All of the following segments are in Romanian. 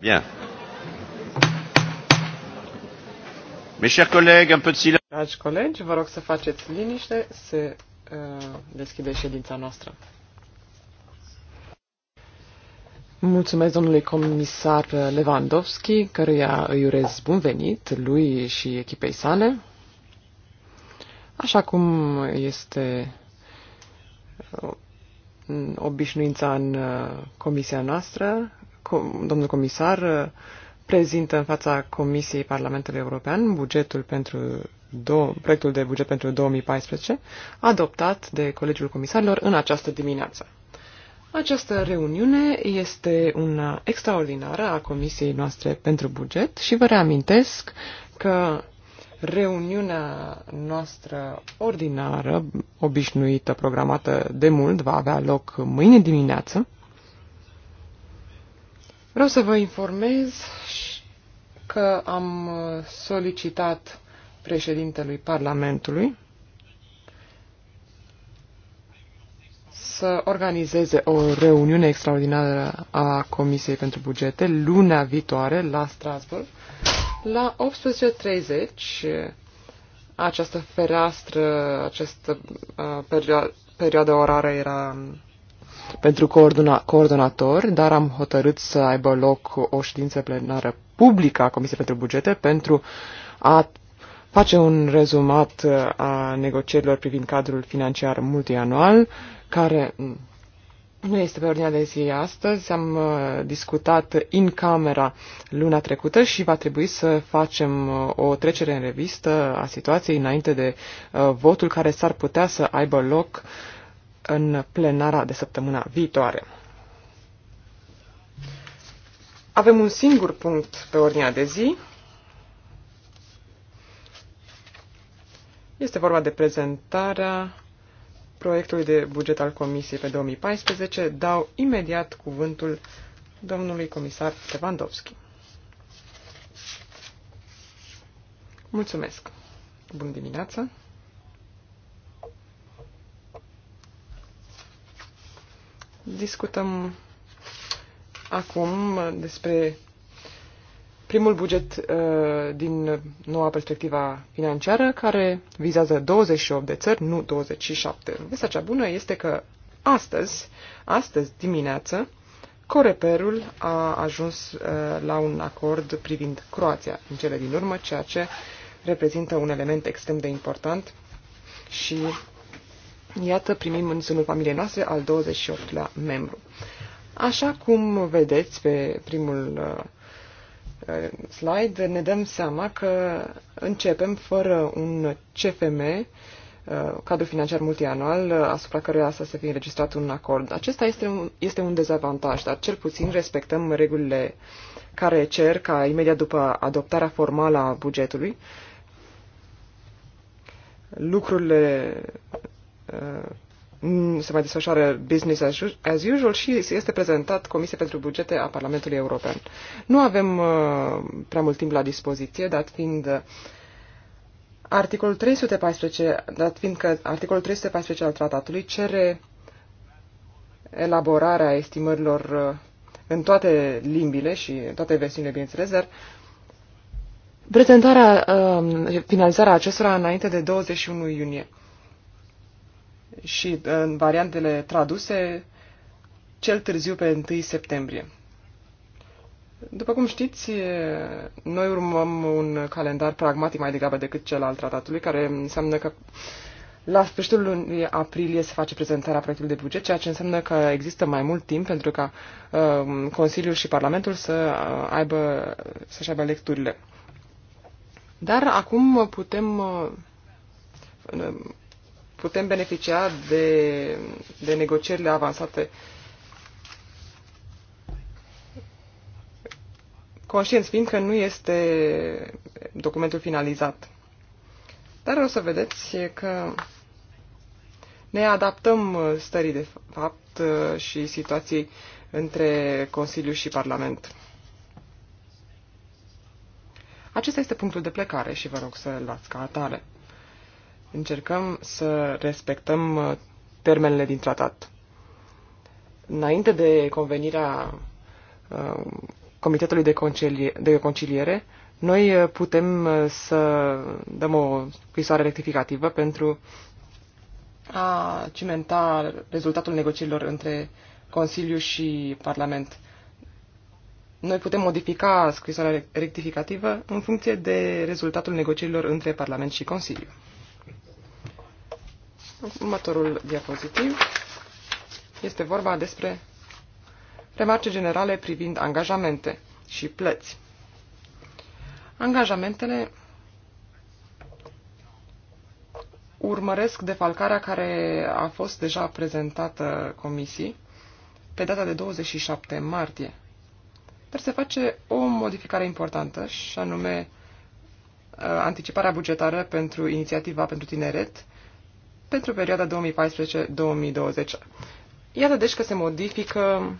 Bien. Mes chers collègues, un peu de silence. Dragi colegi, vă rog să faceți liniște, se uh, deschide ședința noastră. Mulțumesc domnului comisar Lewandowski, căruia îi urez bun venit, lui și echipei sale. Așa cum este uh, obișnuința în uh, comisia noastră, domnul comisar uh, prezintă în fața Comisiei Parlamentului European bugetul pentru două, proiectul de buget pentru 2014, adoptat de Colegiul Comisarilor în această dimineață. Această reuniune este una extraordinară a Comisiei noastre pentru buget și vă reamintesc că reuniunea noastră ordinară, obișnuită, programată de mult, va avea loc mâine dimineață, Vreau să vă informez că am solicitat președintelui Parlamentului să organizeze o reuniune extraordinară a Comisiei pentru Bugete lunea viitoare la Strasbourg la 18.30. Această fereastră, această uh, perioadă orară era um, pentru coordona, coordonator, dar am hotărât să aibă loc o ședință plenară publică a Comisiei pentru Bugete pentru a face un rezumat uh, a negocierilor privind cadrul financiar multianual, care mm, nu este pe ordinea de zi astăzi. Am uh, discutat în camera luna trecută și va trebui să facem uh, o trecere în revistă a situației înainte de votul care s-ar putea să aibă loc uh, în plenara de săptămâna viitoare. Avem un singur punct pe ordinea de zi. Este vorba de prezentarea proiectului de buget al Comisiei pe 2014. Dau imediat cuvântul domnului comisar Lewandowski. Mulțumesc! Bună dimineața! Discutăm acum despre primul buget uh, din noua perspectiva financiară, care vizează 28 de țări, nu 27. Vestea cea bună este că astăzi, astăzi dimineață, Coreperul a ajuns uh, la un acord privind Croația în cele din urmă, ceea ce reprezintă un element extrem de important și Iată, primim în sânul familiei noastre al 28-lea membru. Așa cum vedeți pe primul uh, uh, slide, ne dăm seama că începem fără un CFM, uh, cadru financiar multianual, asupra căruia să se fie înregistrat un acord. Acesta este un, este un dezavantaj, dar cel puțin respectăm regulile care cer ca imediat după adoptarea formală a bugetului lucrurile Uh, se mai desfășoară business as usual și este prezentat Comisia pentru Bugete a Parlamentului European. Nu avem uh, prea mult timp la dispoziție, dat fiind uh, articolul 314, dat fiind că articolul 314 al tratatului cere elaborarea estimărilor în toate limbile și în toate versiunile, bineînțeles, dar prezentarea, finalizarea acestora înainte de 21 iunie și uh, în variantele traduse cel târziu pe 1 septembrie. După cum știți, noi urmăm un calendar pragmatic mai degrabă decât cel al tratatului, care înseamnă că la sfârșitul lunii aprilie se face prezentarea proiectului de buget, ceea ce înseamnă că există mai mult timp pentru ca uh, Consiliul și Parlamentul să uh, aibă, să-și aibă lecturile. Dar acum putem uh, putem beneficia de, de negocierile avansate conștienți fiind că nu este documentul finalizat. Dar o să vedeți că ne adaptăm stării de fapt și situației între Consiliu și Parlament. Acesta este punctul de plecare și vă rog să-l luați ca atare. Încercăm să respectăm uh, termenele din tratat. Înainte de convenirea uh, Comitetului de, concilie, de Conciliere, noi uh, putem să dăm o scrisoare rectificativă pentru a cimenta rezultatul negocierilor între Consiliu și Parlament. Noi putem modifica scrisoarea rectificativă în funcție de rezultatul negocierilor între Parlament și Consiliu. Următorul diapozitiv este vorba despre remarce generale privind angajamente și plăți. Angajamentele urmăresc defalcarea care a fost deja prezentată comisiei pe data de 27 martie. Dar se face o modificare importantă și anume uh, anticiparea bugetară pentru inițiativa pentru tineret pentru perioada 2014-2020. Iată deci că se modifică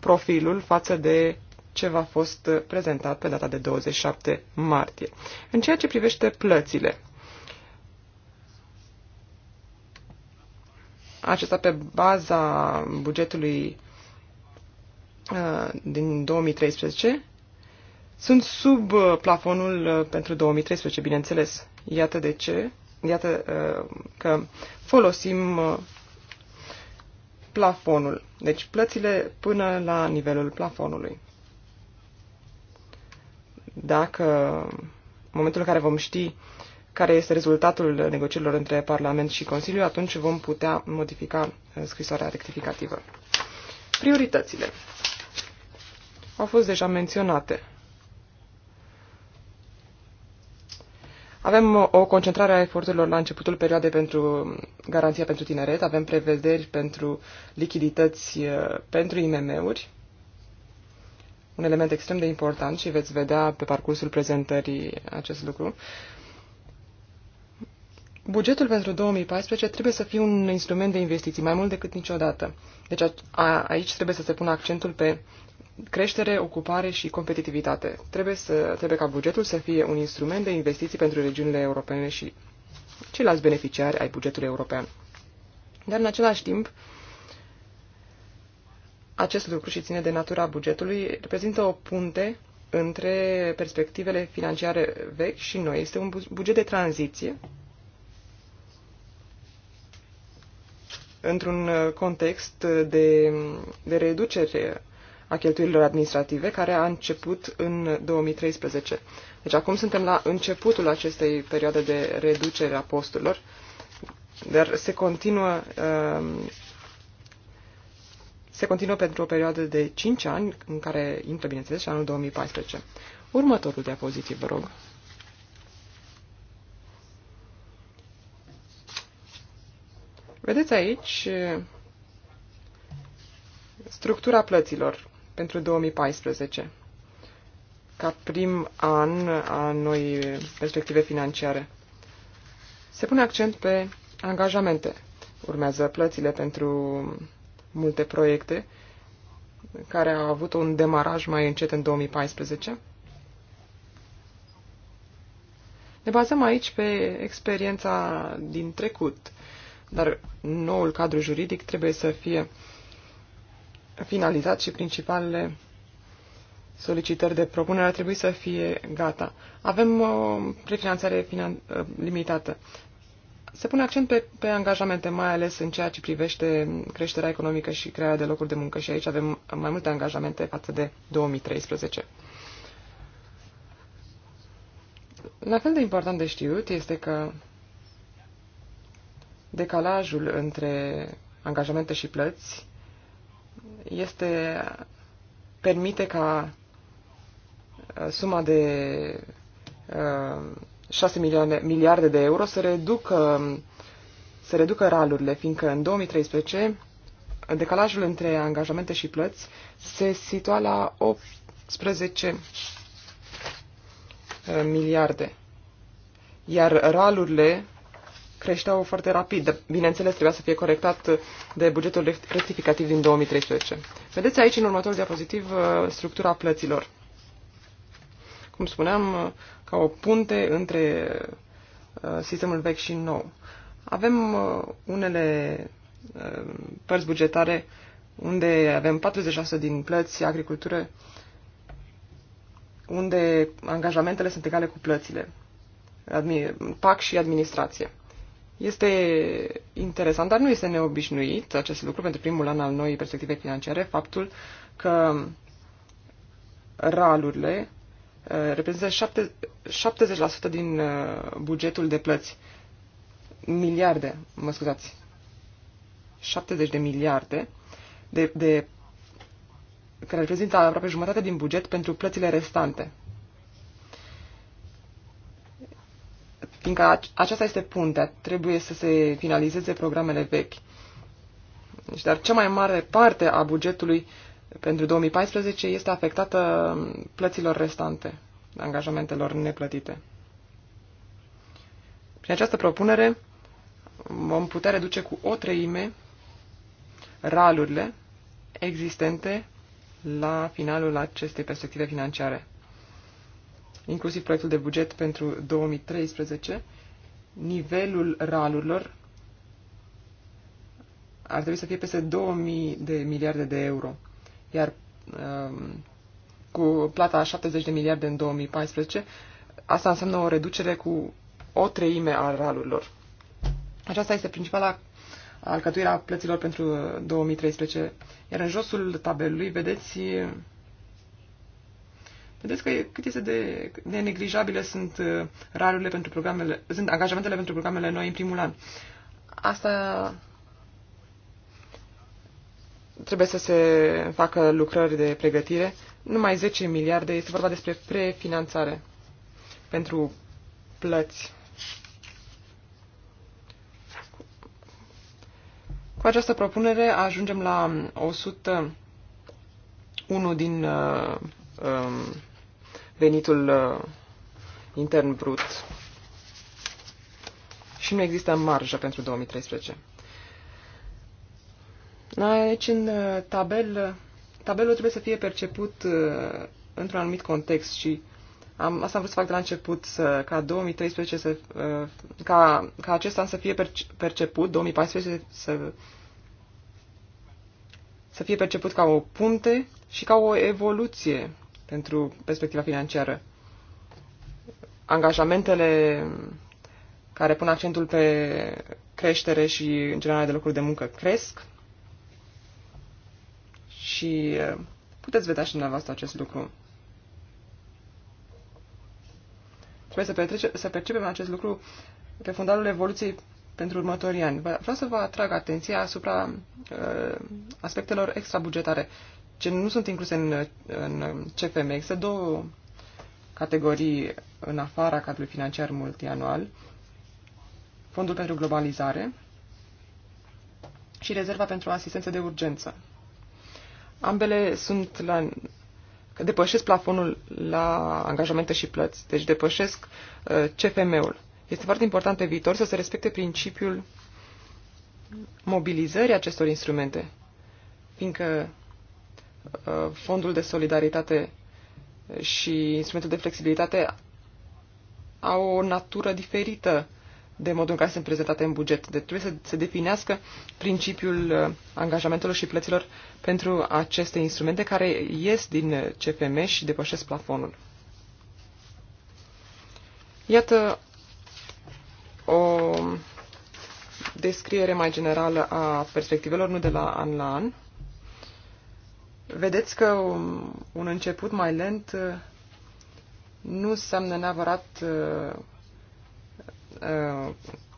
profilul față de ce a fost prezentat pe data de 27 martie. În ceea ce privește plățile, acesta pe baza bugetului uh, din 2013 sunt sub uh, plafonul uh, pentru 2013, bineînțeles. Iată de ce iată uh, că folosim uh, plafonul, deci plățile până la nivelul plafonului. Dacă în momentul în care vom ști care este rezultatul negocierilor între Parlament și Consiliu, atunci vom putea modifica uh, scrisoarea rectificativă. Prioritățile au fost deja menționate. Avem o concentrare a eforturilor la începutul perioadei pentru garanția pentru tineret, avem prevederi pentru lichidități uh, pentru IMM-uri, un element extrem de important și veți vedea pe parcursul prezentării acest lucru. Bugetul pentru 2014 trebuie să fie un instrument de investiții mai mult decât niciodată. Deci a, aici trebuie să se pună accentul pe creștere, ocupare și competitivitate. Trebuie, să, trebuie ca bugetul să fie un instrument de investiții pentru regiunile europene și ceilalți beneficiari ai bugetului european. Dar în același timp, acest lucru și ține de natura bugetului reprezintă o punte între perspectivele financiare vechi și noi. Este un buget de tranziție într-un context de, de reducere a cheltuielilor administrative, care a început în 2013. Deci acum suntem la începutul acestei perioade de reducere a posturilor, dar se continuă, um, se continuă pentru o perioadă de 5 ani, în care intră, bineînțeles, și anul 2014. Următorul diapozitiv, vă rog. Vedeți aici uh, structura plăților pentru 2014, ca prim an a noi perspective financiare. Se pune accent pe angajamente. Urmează plățile pentru multe proiecte care au avut un demaraj mai încet în 2014. Ne bazăm aici pe experiența din trecut, dar noul cadru juridic trebuie să fie uh, finalizat și principalele solicitări de propunere ar trebui să fie gata. Avem o uh, prefinanțare finan- uh, limitată. Se pune accent pe, pe angajamente, mai ales în ceea ce privește creșterea economică și crearea de locuri de muncă și aici avem mai multe angajamente față de 2013. La fel de important de știut este că decalajul între angajamente și plăți este permite ca uh, suma de 6 uh, milioane, miliarde de euro să reducă, să reducă ralurile, fiindcă în 2013 decalajul între angajamente și plăți se situa la 18 uh, miliarde, iar ralurile creșteau foarte rapid. Bineînțeles, trebuia să fie corectat de bugetul rectificativ din 2013. Vedeți aici, în următorul diapozitiv, uh, structura plăților. Cum spuneam, uh, ca o punte între uh, sistemul vechi și nou. Avem unele părți bugetare unde avem 46 din plăți, agricultură, unde angajamentele sunt egale cu plățile, PAC și administrație. Este interesant, dar nu este neobișnuit acest lucru pentru primul an al noii perspective financiare, faptul că ralurile uh, reprezintă 70% din uh, bugetul de plăți. Miliarde, mă scuzați, 70 de miliarde de, de care reprezintă aproape jumătate din buget pentru plățile restante. fiindcă aceasta este puntea, trebuie să se finalizeze programele vechi. Deci, dar cea mai mare parte a bugetului pentru 2014 este afectată plăților restante, angajamentelor neplătite. Prin această propunere vom putea reduce cu o treime ralurile existente la finalul acestei perspective financiare inclusiv proiectul de buget pentru 2013, nivelul ralurilor ar trebui să fie peste 2000 de miliarde de euro, iar um, cu plata a 70 de miliarde în 2014, asta înseamnă o reducere cu o treime a ralurilor. Aceasta este principala alcătuirea plăților pentru 2013. Iar în josul tabelului vedeți Vedeți că cât este de, de neglijabile sunt uh, ralurile pentru programele, sunt angajamentele pentru programele noi în primul an. Asta trebuie să se facă lucrări de pregătire. Numai 10 miliarde, este vorba despre prefinanțare pentru plăți. Cu această propunere ajungem la 101 din uh, um, venitul uh, intern brut și nu există marjă pentru 2013. Aici, în uh, tabel, tabelul trebuie să fie perceput uh, într-un anumit context și am, asta am vrut să fac de la început, să, ca 2013 să, ca, ca acest an să fie perceput, 2014 să, să fie perceput ca o punte și ca o evoluție pentru perspectiva financiară. Angajamentele care pun accentul pe creștere și în general de locuri de muncă cresc și eh, puteți vedea și dumneavoastră acest lucru. Trebuie să, petrece, să percepem acest lucru pe fundalul evoluției pentru următorii ani. Vreau să vă atrag atenția asupra uh, aspectelor extrabugetare ce nu sunt incluse în, în CFM. Există două categorii în afara cadrului financiar multianual, Fondul pentru Globalizare și Rezerva pentru Asistență de Urgență. Ambele sunt la, depășesc plafonul la angajamente și plăți, deci depășesc uh, CFM-ul. Este foarte important pe viitor să se respecte principiul mobilizării acestor instrumente, fiindcă Uh, fondul de solidaritate și instrumentul de flexibilitate au o natură diferită de modul în care sunt prezentate în buget. Deci trebuie să se definească principiul uh, angajamentelor și plăților pentru aceste instrumente care ies din CFM și depășesc plafonul. Iată o descriere mai generală a perspectivelor, nu de la an la an. Vedeți că un început mai lent uh, nu înseamnă neapărat uh, uh,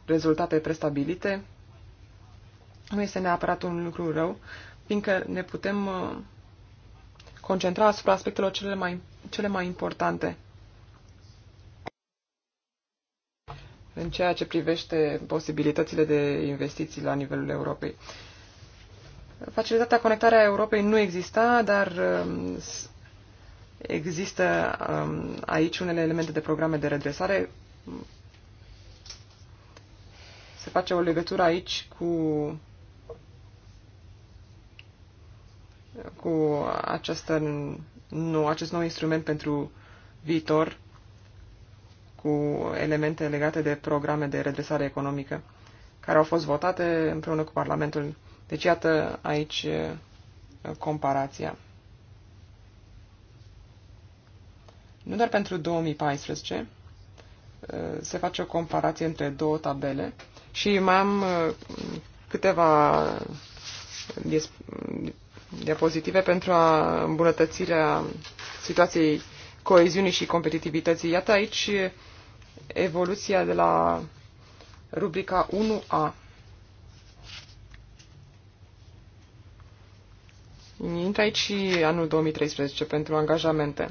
rezultate prestabilite, nu este neapărat un lucru rău, fiindcă ne putem concentra asupra aspectelor cele mai, cele mai importante. în ceea ce privește posibilitățile de investiții la nivelul Europei. Facilitatea conectarea Europei nu exista, dar um, există um, aici unele elemente de programe de redresare. Se face o legătură aici cu cu această, nu, acest nou instrument pentru viitor cu elemente legate de programe de redresare economică care au fost votate împreună cu Parlamentul deci iată aici comparația. Nu doar pentru 2014 se face o comparație între două tabele și mai am câteva diapozitive pentru a îmbunătățirea situației coeziunii și competitivității. Iată aici evoluția de la rubrica 1A Intră aici și anul 2013 pentru angajamente.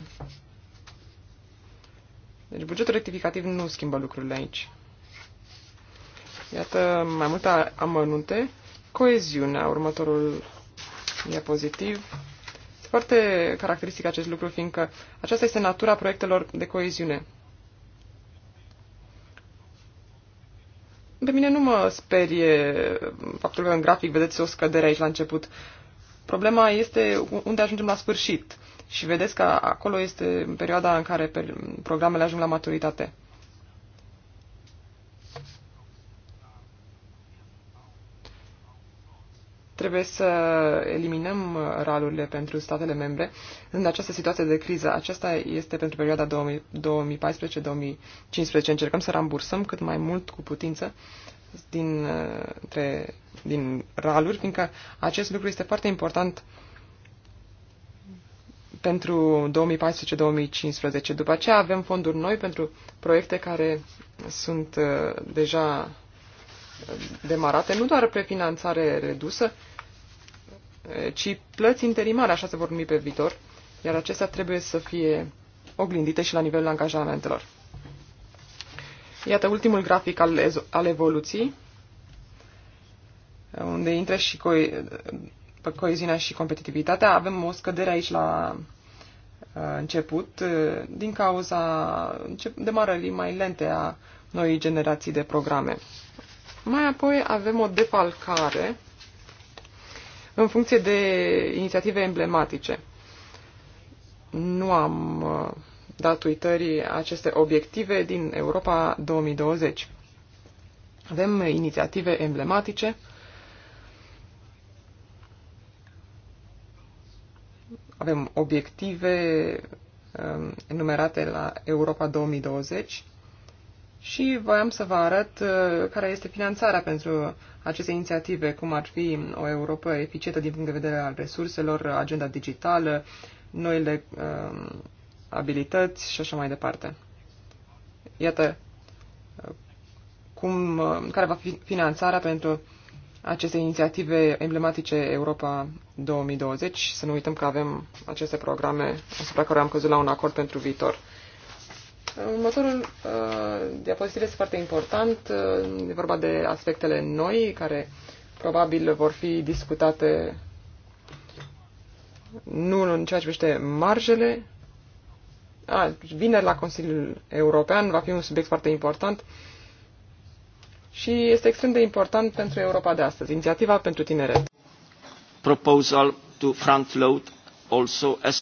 Deci bugetul rectificativ nu schimbă lucrurile aici. Iată mai multe amănunte. Coeziunea, următorul diapozitiv. Este foarte caracteristic acest lucru, fiindcă aceasta este natura proiectelor de coeziune. Pe mine nu mă sperie faptul că în grafic vedeți o scădere aici la început. Problema este unde ajungem la sfârșit. Și vedeți că acolo este perioada în care programele ajung la maturitate. Trebuie să eliminăm ralurile pentru statele membre în această situație de criză. Aceasta este pentru perioada 2014-2015. Încercăm să rambursăm cât mai mult cu putință din, între, din raluri, fiindcă acest lucru este foarte important pentru 2014-2015. După aceea avem fonduri noi pentru proiecte care sunt uh, deja uh, demarate, nu doar prefinanțare redusă, uh, ci plăți interimare, așa se vor numi pe viitor, iar acestea trebuie să fie oglindite și la nivelul angajamentelor. Iată ultimul grafic al, al evoluției, unde intră și co- coeziunea și competitivitatea. Avem o scădere aici la uh, început uh, din cauza demarării mai lente a noii generații de programe. Mai apoi avem o defalcare în funcție de inițiative emblematice. Nu am uh, dat uitării aceste obiective din Europa 2020. Avem inițiative emblematice. Avem obiective um, enumerate la Europa 2020 și voiam să vă arăt uh, care este finanțarea pentru aceste inițiative, cum ar fi o Europa eficientă din punct de vedere al resurselor, agenda digitală, noile um, abilități și așa mai departe. Iată cum, care va fi finanțarea pentru aceste inițiative emblematice Europa 2020. Să nu uităm că avem aceste programe asupra care am căzut la un acord pentru viitor. Următorul uh, diapozitiv este foarte important. Uh, e vorba de aspectele noi care probabil vor fi discutate nu în ceea ce privește marjele, a, vineri la Consiliul European va fi un subiect foarte important și este extrem de important pentru Europa de astăzi, inițiativa pentru tineret. Proposal to front load also as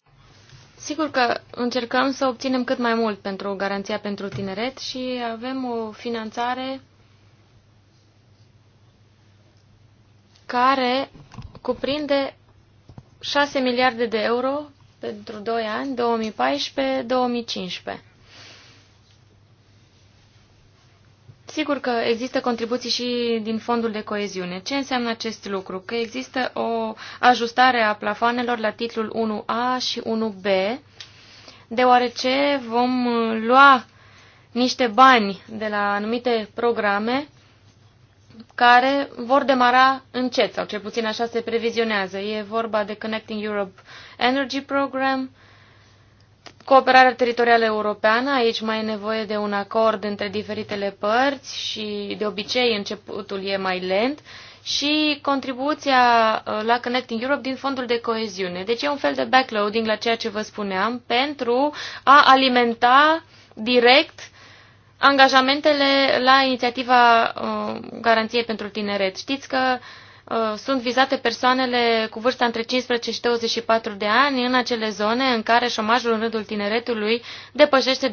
Sigur că încercăm să obținem cât mai mult pentru garanția pentru tineret și avem o finanțare care cuprinde 6 miliarde de euro pentru 2 ani, 2014-2015. Sigur că există contribuții și din fondul de coeziune. Ce înseamnă acest lucru? Că există o ajustare a plafoanelor la titlul 1A și 1B, deoarece vom lua niște bani de la anumite programe care vor demara încet, sau cel puțin așa se previzionează. E vorba de Connecting Europe Energy Program, cooperarea teritorială europeană, aici mai e nevoie de un acord între diferitele părți și de obicei începutul e mai lent, și contribuția uh, la Connecting Europe din fondul de coeziune. Deci e un fel de backloading la ceea ce vă spuneam pentru a alimenta direct angajamentele la inițiativa uh, Garanției pentru Tineret. Știți că uh, sunt vizate persoanele cu vârsta între 15 și 24 de ani în acele zone în care șomajul în rândul tineretului depășește 25%.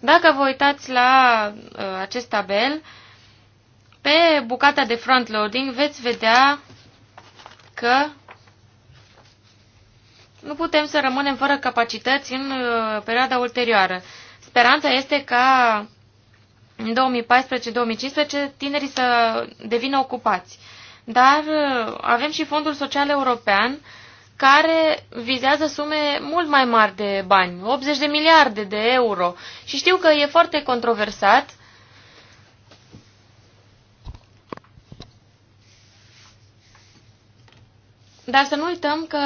Dacă vă uitați la uh, acest tabel, pe bucata de front-loading veți vedea că nu putem să rămânem fără capacități în perioada ulterioară. Speranța este ca în 2014-2015 tinerii să devină ocupați. Dar uh, avem și Fondul Social European care vizează sume mult mai mari de bani, 80 de miliarde de euro. Și știu că e foarte controversat. Dar să nu uităm că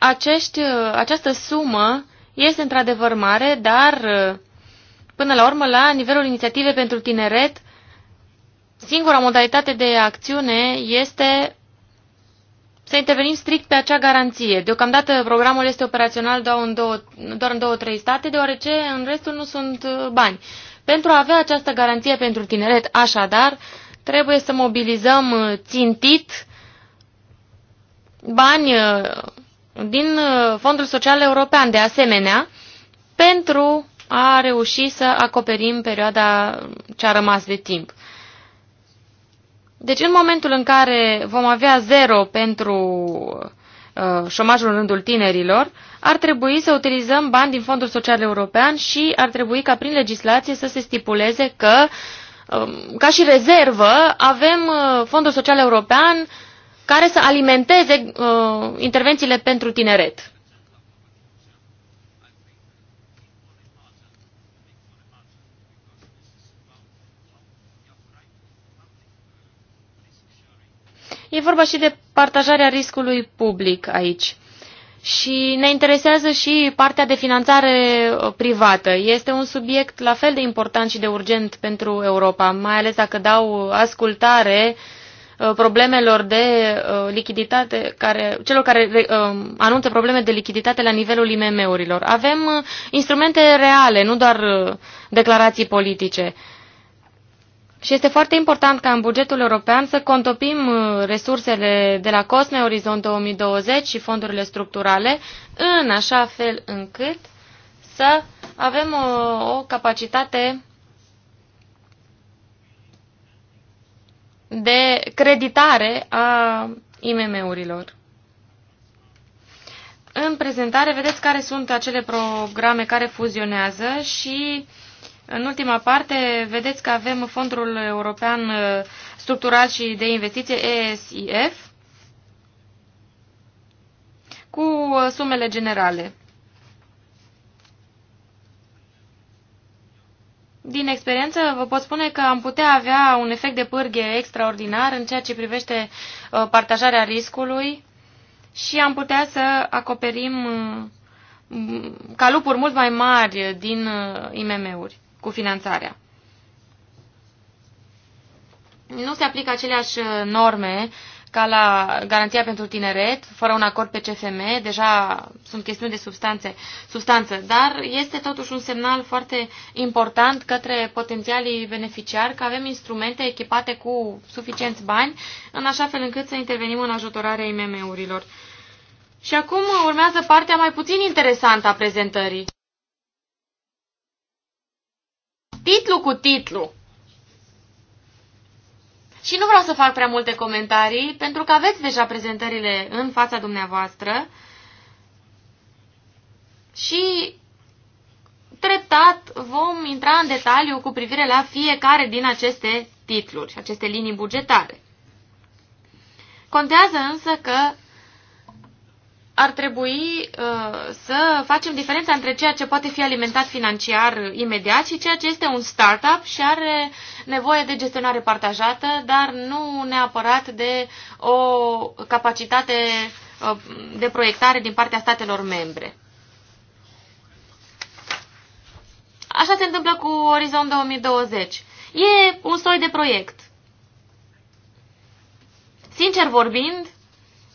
acești, această sumă este într-adevăr mare, dar până la urmă, la nivelul inițiativei pentru tineret, singura modalitate de acțiune este să intervenim strict pe acea garanție. Deocamdată programul este operațional doar în, două, doar în două, trei state, deoarece în restul nu sunt uh, bani. Pentru a avea această garanție pentru tineret, așadar, trebuie să mobilizăm uh, țintit bani uh, din uh, Fondul Social European, de asemenea, pentru a reuși să acoperim perioada ce a rămas de timp. Deci în momentul în care vom avea zero pentru uh, șomajul în rândul tinerilor, ar trebui să utilizăm bani din Fondul Social European și ar trebui ca prin legislație să se stipuleze că, uh, ca și rezervă, avem uh, Fondul Social European care să alimenteze uh, intervențiile pentru tineret. E vorba și de partajarea riscului public aici. Și ne interesează și partea de finanțare uh, privată. Este un subiect la fel de important și de urgent pentru Europa, mai ales dacă dau ascultare uh, Uh, problemelor de uh, lichiditate, care, celor care uh, anunță probleme de lichiditate la nivelul IMM-urilor. Avem instrumente reale, nu doar declarații politice. Și este foarte important ca în bugetul european să contopim resursele de la COSME, Orizont 2020 și fondurile structurale în așa fel încât să avem o, o capacitate de creditare a IMM-urilor. În prezentare vedeți care sunt acele programe care fuzionează și în ultima parte vedeți că avem Fondul European uh, Structural și de Investiție ESIF cu uh, sumele generale. Din experiență vă pot spune că am putea avea un efect de pârghie extraordinar în ceea ce privește uh, partajarea riscului și am putea să acoperim uh, calupuri mult mai mari din uh, IMM-uri cu finanțarea. Nu se aplică aceleași norme ca la garanția pentru tineret, fără un acord pe CFM, deja sunt chestiuni de substanțe, substanță, dar este totuși un semnal foarte important către potențialii beneficiari că avem instrumente echipate cu suficienți bani, în așa fel încât să intervenim în ajutorarea IMM-urilor. Și acum urmează partea mai puțin interesantă a prezentării. Titlu cu titlu. Și nu vreau să fac prea multe comentarii, pentru că aveți deja prezentările în fața dumneavoastră. Și treptat vom intra în detaliu cu privire la fiecare din aceste titluri aceste linii bugetare. Contează însă că ar trebui uh, să facem diferența între ceea ce poate fi alimentat financiar imediat și ceea ce este un startup și are nevoie de gestionare partajată, dar nu neapărat de o capacitate uh, de proiectare din partea statelor membre. Așa se întâmplă cu Orizont 2020. E un soi de proiect. Sincer vorbind,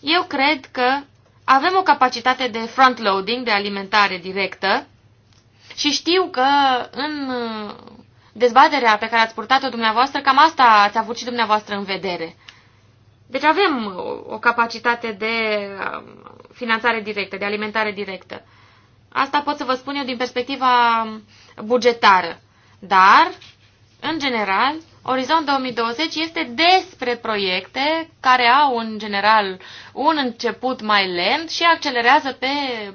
eu cred că avem o capacitate de front-loading, de alimentare directă și știu că în uh, dezbaterea pe care ați purtat-o dumneavoastră, cam asta ați avut și dumneavoastră în vedere. Deci avem o capacitate de um, finanțare directă, de alimentare directă. Asta pot să vă spun eu din perspectiva bugetară. Dar, în general, Orizont 2020 este despre proiecte care au în general un început mai lent și accelerează pe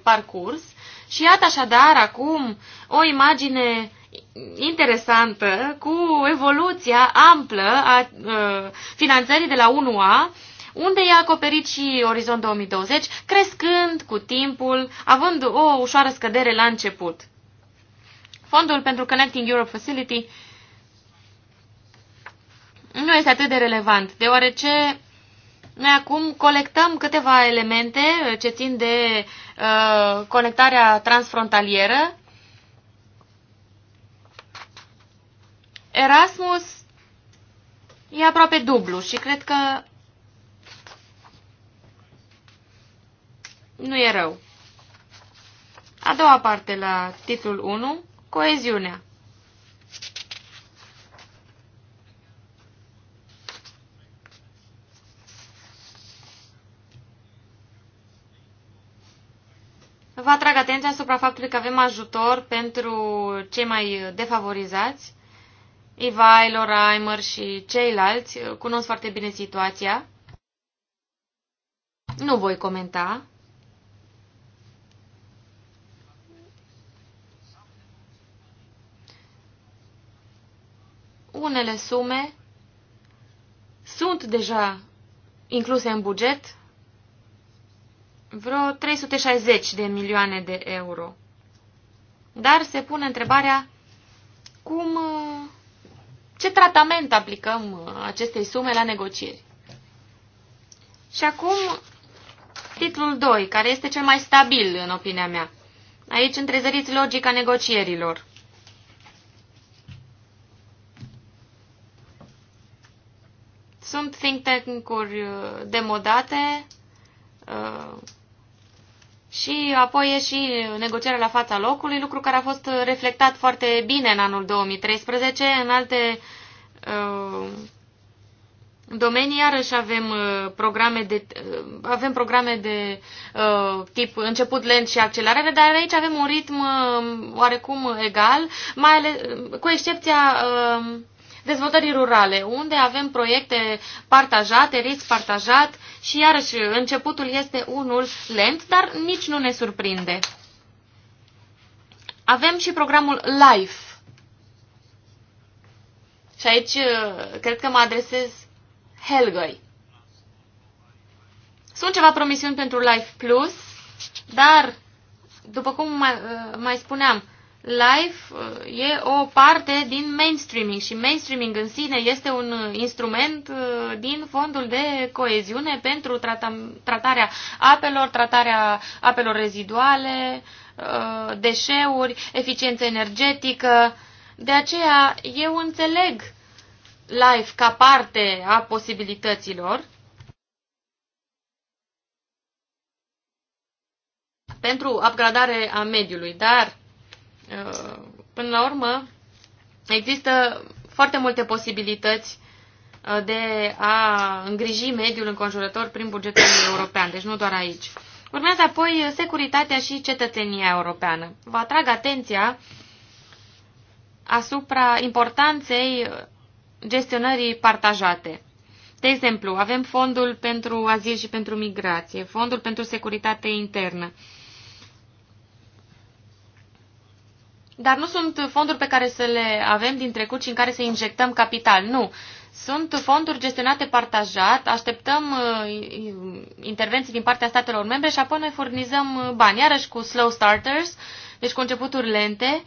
parcurs. Și iată așadar acum o imagine interesantă cu evoluția amplă a ă, finanțării de la 1A, unde e acoperit și Orizont 2020, crescând cu timpul, având o ușoară scădere la început. Fondul pentru Connecting Europe Facility nu este atât de relevant, deoarece noi acum colectăm câteva elemente uh, ce țin de uh, conectarea transfrontalieră. Erasmus e aproape dublu și cred că nu e rău. A doua parte la titlul 1, coeziunea. Vă atrag atenția asupra faptului că avem ajutor pentru cei mai defavorizați. Ivai, Loraimer și ceilalți cunosc foarte bine situația. Nu voi comenta. Unele sume sunt deja incluse în buget, vreo 360 de milioane de euro. Dar se pune întrebarea cum, ce tratament aplicăm acestei sume la negocieri. Și acum titlul 2, care este cel mai stabil în opinia mea. Aici întrezăriți logica negocierilor. Sunt think tank-uri uh, demodate, uh, și apoi e și negocierea la fața locului, lucru care a fost reflectat foarte bine în anul 2013. În alte uh, domenii, iarăși avem uh, programe de, uh, avem programe de uh, tip început lent și accelerare, dar aici avem un ritm uh, oarecum egal, mai ales, cu excepția uh, dezvoltării rurale, unde avem proiecte partajate, risc partajat și iarăși începutul este unul lent, dar nici nu ne surprinde. Avem și programul LIFE. Și aici uh, cred că mă adresez Helgăi. Sunt ceva promisiuni pentru Life Plus, dar, după cum mai, uh, mai spuneam, Life e o parte din mainstreaming și mainstreaming în sine este un instrument uh, din fondul de coeziune pentru tratarea apelor, tratarea apelor reziduale, uh, deșeuri, eficiență energetică. De aceea eu înțeleg Life ca parte a posibilităților pentru upgradare a mediului, dar Uh, până la urmă, există foarte multe posibilități uh, de a îngriji mediul înconjurător prin bugetul european, deci nu doar aici. Urmează apoi securitatea și cetățenia europeană. Vă atrag atenția asupra importanței gestionării partajate. De exemplu, avem fondul pentru azil și pentru migrație, fondul pentru securitate internă. dar nu sunt fonduri pe care să le avem din trecut și în care să injectăm capital. Nu. Sunt fonduri gestionate partajat, așteptăm uh, intervenții din partea statelor membre și apoi noi furnizăm uh, bani, iarăși cu slow starters, deci cu începuturi lente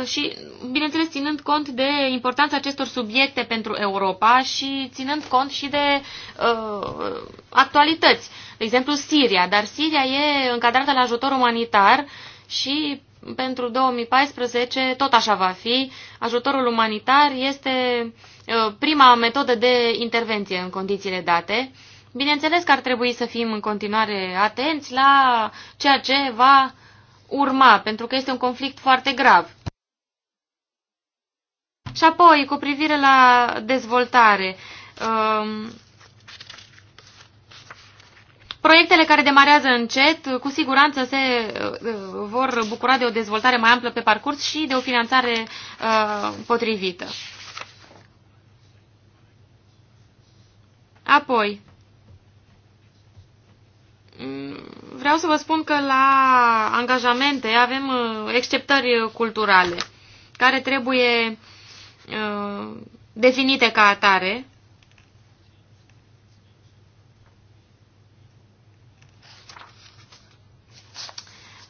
uh, și, bineînțeles, ținând cont de importanța acestor subiecte pentru Europa și ținând cont și de uh, actualități. De exemplu, Siria, dar Siria e încadrată la ajutor umanitar și pentru 2014 tot așa va fi. Ajutorul umanitar este prima metodă de intervenție în condițiile date. Bineînțeles că ar trebui să fim în continuare atenți la ceea ce va urma, pentru că este un conflict foarte grav. Și apoi, cu privire la dezvoltare, um, Proiectele care demarează încet, cu siguranță se uh, uh, vor bucura de o dezvoltare mai amplă pe parcurs și de o finanțare uh, potrivită. Apoi, mm, vreau să vă spun că la angajamente avem exceptări culturale care trebuie definite ca atare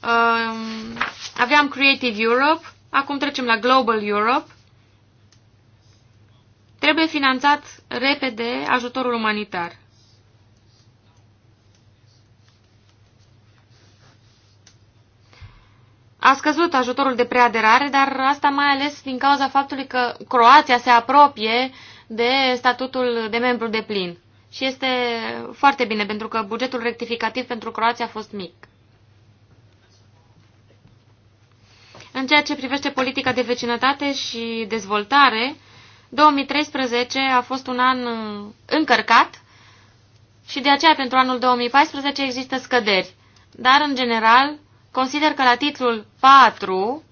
Uh, aveam Creative Europe, acum trecem la Global Europe. Trebuie finanțat repede ajutorul umanitar. A scăzut ajutorul de preaderare, dar asta mai ales din cauza faptului că Croația se apropie de statutul de membru de plin. Și este foarte bine, pentru că bugetul rectificativ pentru Croația a fost mic. În ceea ce privește politica de vecinătate și dezvoltare, 2013 a fost un an uh, încărcat și de aceea pentru anul 2014 există scăderi. Dar, în general, consider că la titlul 4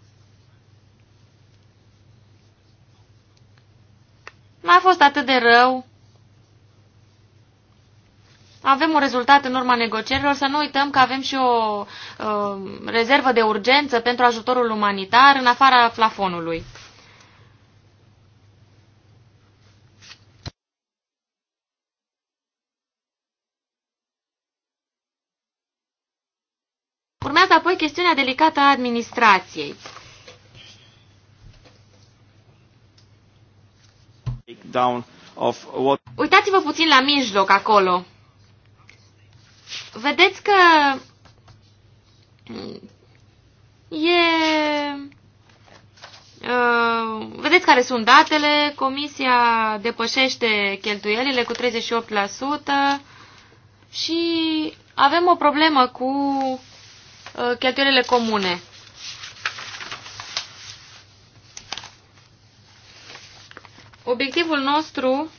n-a fost atât de rău avem un rezultat în urma negocierilor, să nu uităm că avem și o uh, rezervă de urgență pentru ajutorul umanitar în afara plafonului. Urmează apoi chestiunea delicată a administrației. Uitați-vă puțin la mijloc acolo vedeți că e... Uh, vedeți care sunt datele. Comisia depășește cheltuielile cu 38% și avem o problemă cu uh, cheltuielile comune. Obiectivul nostru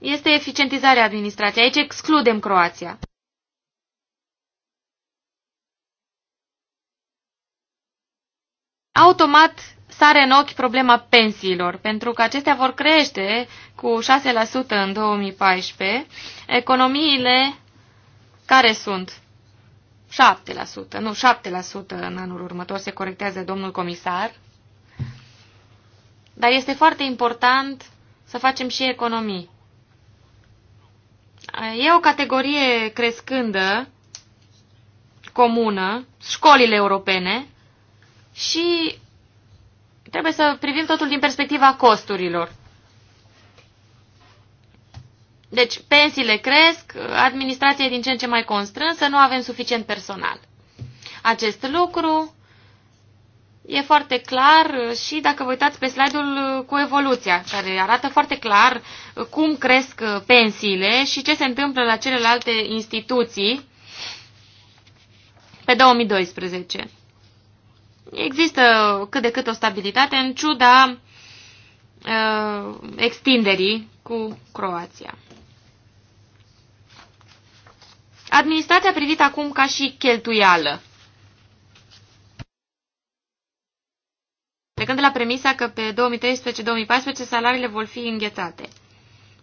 este eficientizarea administrației. Aici excludem Croația. Automat sare în ochi problema pensiilor, pentru că acestea vor crește cu 6% în 2014. Economiile care sunt? 7%, nu 7% în anul următor, se corectează domnul comisar. Dar este foarte important să facem și economii. E o categorie crescândă, comună, școlile europene și trebuie să privim totul din perspectiva costurilor. Deci, pensiile cresc, administrația e din ce în ce mai constrânsă, nu avem suficient personal. Acest lucru e foarte clar și dacă vă uitați pe slide-ul cu evoluția, care arată foarte clar cum cresc pensiile și ce se întâmplă la celelalte instituții pe 2012. Există cât de cât o stabilitate în ciuda uh, extinderii cu Croația. Administrația privită acum ca și cheltuială. plecând de la premisa că pe 2013-2014 salariile vor fi înghețate.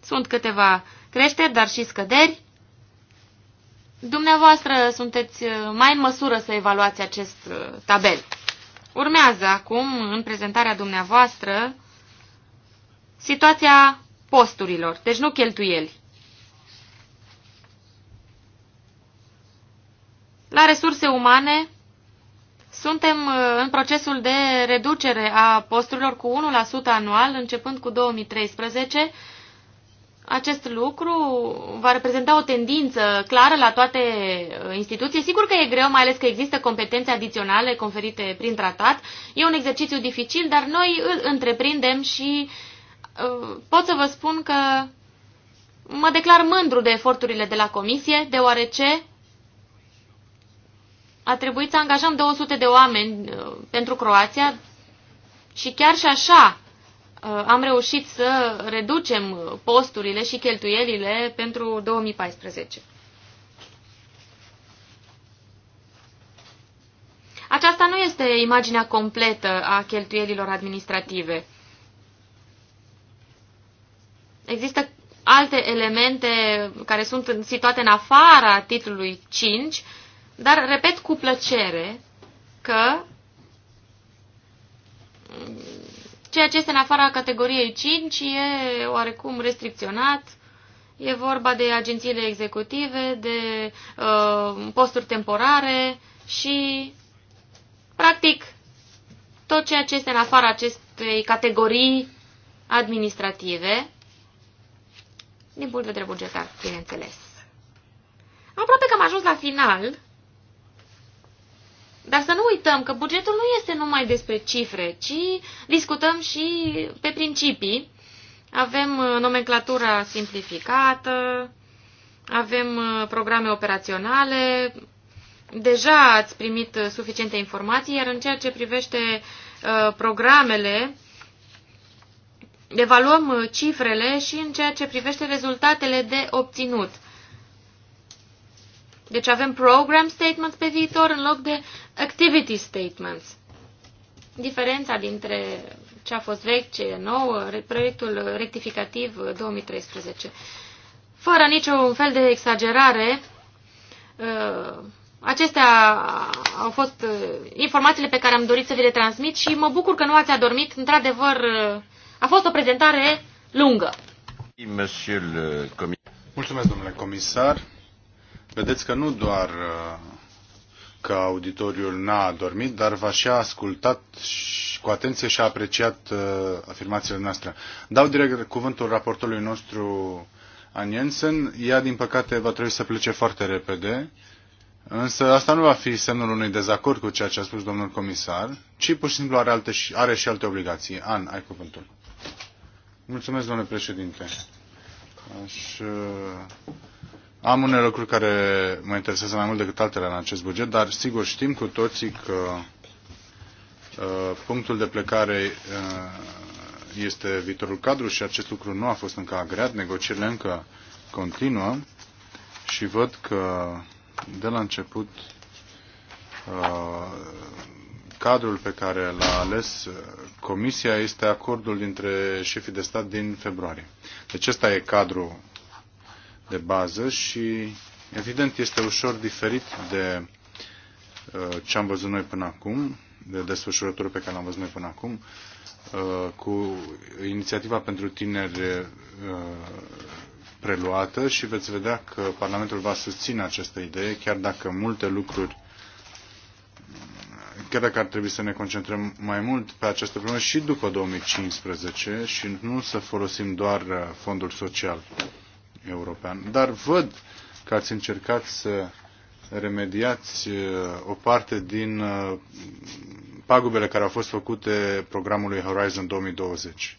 Sunt câteva creșteri, dar și scăderi. Dumneavoastră sunteți uh, mai în măsură să evaluați acest uh, tabel. Urmează acum, în prezentarea dumneavoastră, situația posturilor, deci nu cheltuieli. La resurse umane, suntem uh, în procesul de reducere a posturilor cu 1% anual, începând cu 2013. Acest lucru va reprezenta o tendință clară la toate uh, instituții. Sigur că e greu, mai ales că există competențe adiționale conferite prin tratat. E un exercițiu dificil, dar noi îl întreprindem și uh, pot să vă spun că mă declar mândru de eforturile de la Comisie, deoarece a trebuit să angajăm 200 de oameni uh, pentru Croația și chiar și așa uh, am reușit să reducem uh, posturile și cheltuielile pentru 2014. Aceasta nu este imaginea completă a cheltuielilor administrative. Există alte elemente care sunt situate în afara titlului 5 dar repet cu plăcere că ceea ce este în afara categoriei 5 e oarecum restricționat. E vorba de agențiile executive, de uh, posturi temporare și, practic, tot ceea ce este în afara acestei categorii administrative, din punct de vedere bugetar, bineînțeles. Aproape că am ajuns la final dar să nu uităm că bugetul nu este numai despre cifre, ci discutăm și pe principii. Avem uh, nomenclatura simplificată, avem uh, programe operaționale, deja ați primit uh, suficiente informații, iar în ceea ce privește programele, evaluăm cifrele și în ceea ce privește rezultatele de obținut. Deci avem program statements pe viitor în loc de activity statements. Diferența dintre ce a fost vechi, ce e nou, proiectul rectificativ 2013. Fără niciun fel de exagerare, uh, acestea au fost uh, informațiile pe care am dorit să vi le transmit și mă bucur că nu ați adormit. Într-adevăr, uh, a fost o prezentare lungă. Mulțumesc, domnule comisar. Vedeți că nu doar uh, că auditoriul n-a dormit, dar v-a și ascultat și cu atenție și a apreciat uh, afirmațiile noastre. Dau direct cuvântul raportorului nostru, An Jensen. Ea, din păcate, va trebui să plece foarte repede, însă asta nu va fi semnul unui dezacord cu ceea ce a spus domnul comisar, ci pur și simplu are, alte și, are și alte obligații. An, ai cuvântul. Mulțumesc, domnule președinte. Aș... Uh am unele lucruri care mă interesează mai mult decât altele în acest buget, dar sigur știm cu toții că uh, punctul de plecare uh, este viitorul cadru și acest lucru nu a fost încă agreat, negocierile încă continuă și văd că de la început uh, cadrul pe care l-a ales uh, Comisia este acordul dintre șefii de stat din februarie. Deci ăsta e cadrul de bază și evident este ușor diferit de uh, ce am văzut noi până acum, de desfășurătorul pe care l-am văzut noi până acum, uh, cu inițiativa pentru tineri uh, preluată și veți vedea că Parlamentul va susține această idee, chiar dacă multe lucruri chiar dacă ar trebui să ne concentrăm mai mult pe această problemă și după 2015 și nu să folosim doar fondul social european. Dar văd că ați încercat să remediați uh, o parte din uh, pagubele care au fost făcute programului Horizon 2020.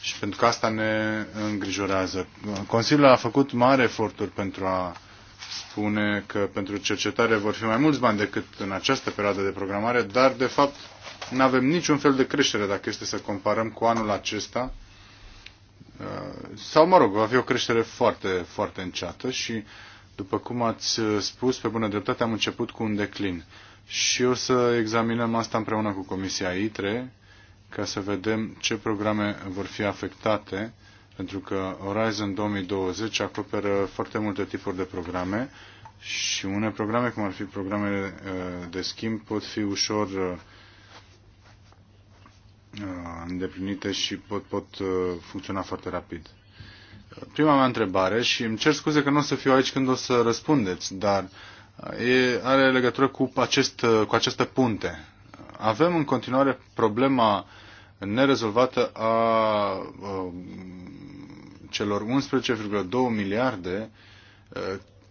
Și pentru că asta ne îngrijorează. Consiliul a făcut mari eforturi pentru a spune că pentru cercetare vor fi mai mulți bani decât în această perioadă de programare, dar de fapt nu avem niciun fel de creștere dacă este să comparăm cu anul acesta Uh, sau, mă rog, va fi o creștere foarte, foarte înceată și, după cum ați uh, spus, pe bună dreptate am început cu un declin. Și o să examinăm asta împreună cu Comisia ITRE ca să vedem ce programe vor fi afectate, pentru că Horizon 2020 acoperă foarte multe tipuri de programe și unele programe, cum ar fi programele uh, de schimb, pot fi ușor Uh, îndeplinite și pot, pot uh, funcționa foarte rapid. Prima mea întrebare și îmi cer scuze că nu o să fiu aici când o să răspundeți, dar uh, e, are legătură cu, acest, cu această punte. Avem în continuare problema nerezolvată a, a celor 11,2 miliarde a,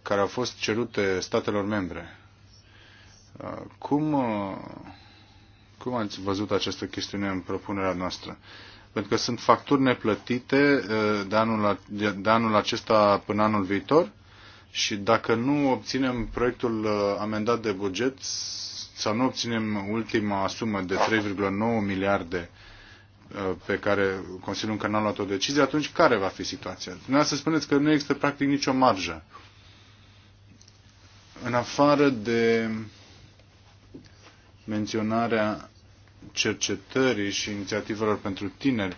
care au fost cerute statelor membre. A, cum... A, cum ați văzut această chestiune în propunerea noastră? Pentru că sunt facturi neplătite eh, de anul, de anul acesta până anul viitor și dacă nu obținem proiectul eh, amendat de buget sau nu obținem ultima sumă de 3,9 miliarde eh, pe care Consiliul încă n-a luat o decizie, atunci care va fi situația? Dumneavoastră spuneți că nu există practic nicio marjă. În afară de menționarea cercetării și inițiativelor pentru tineri.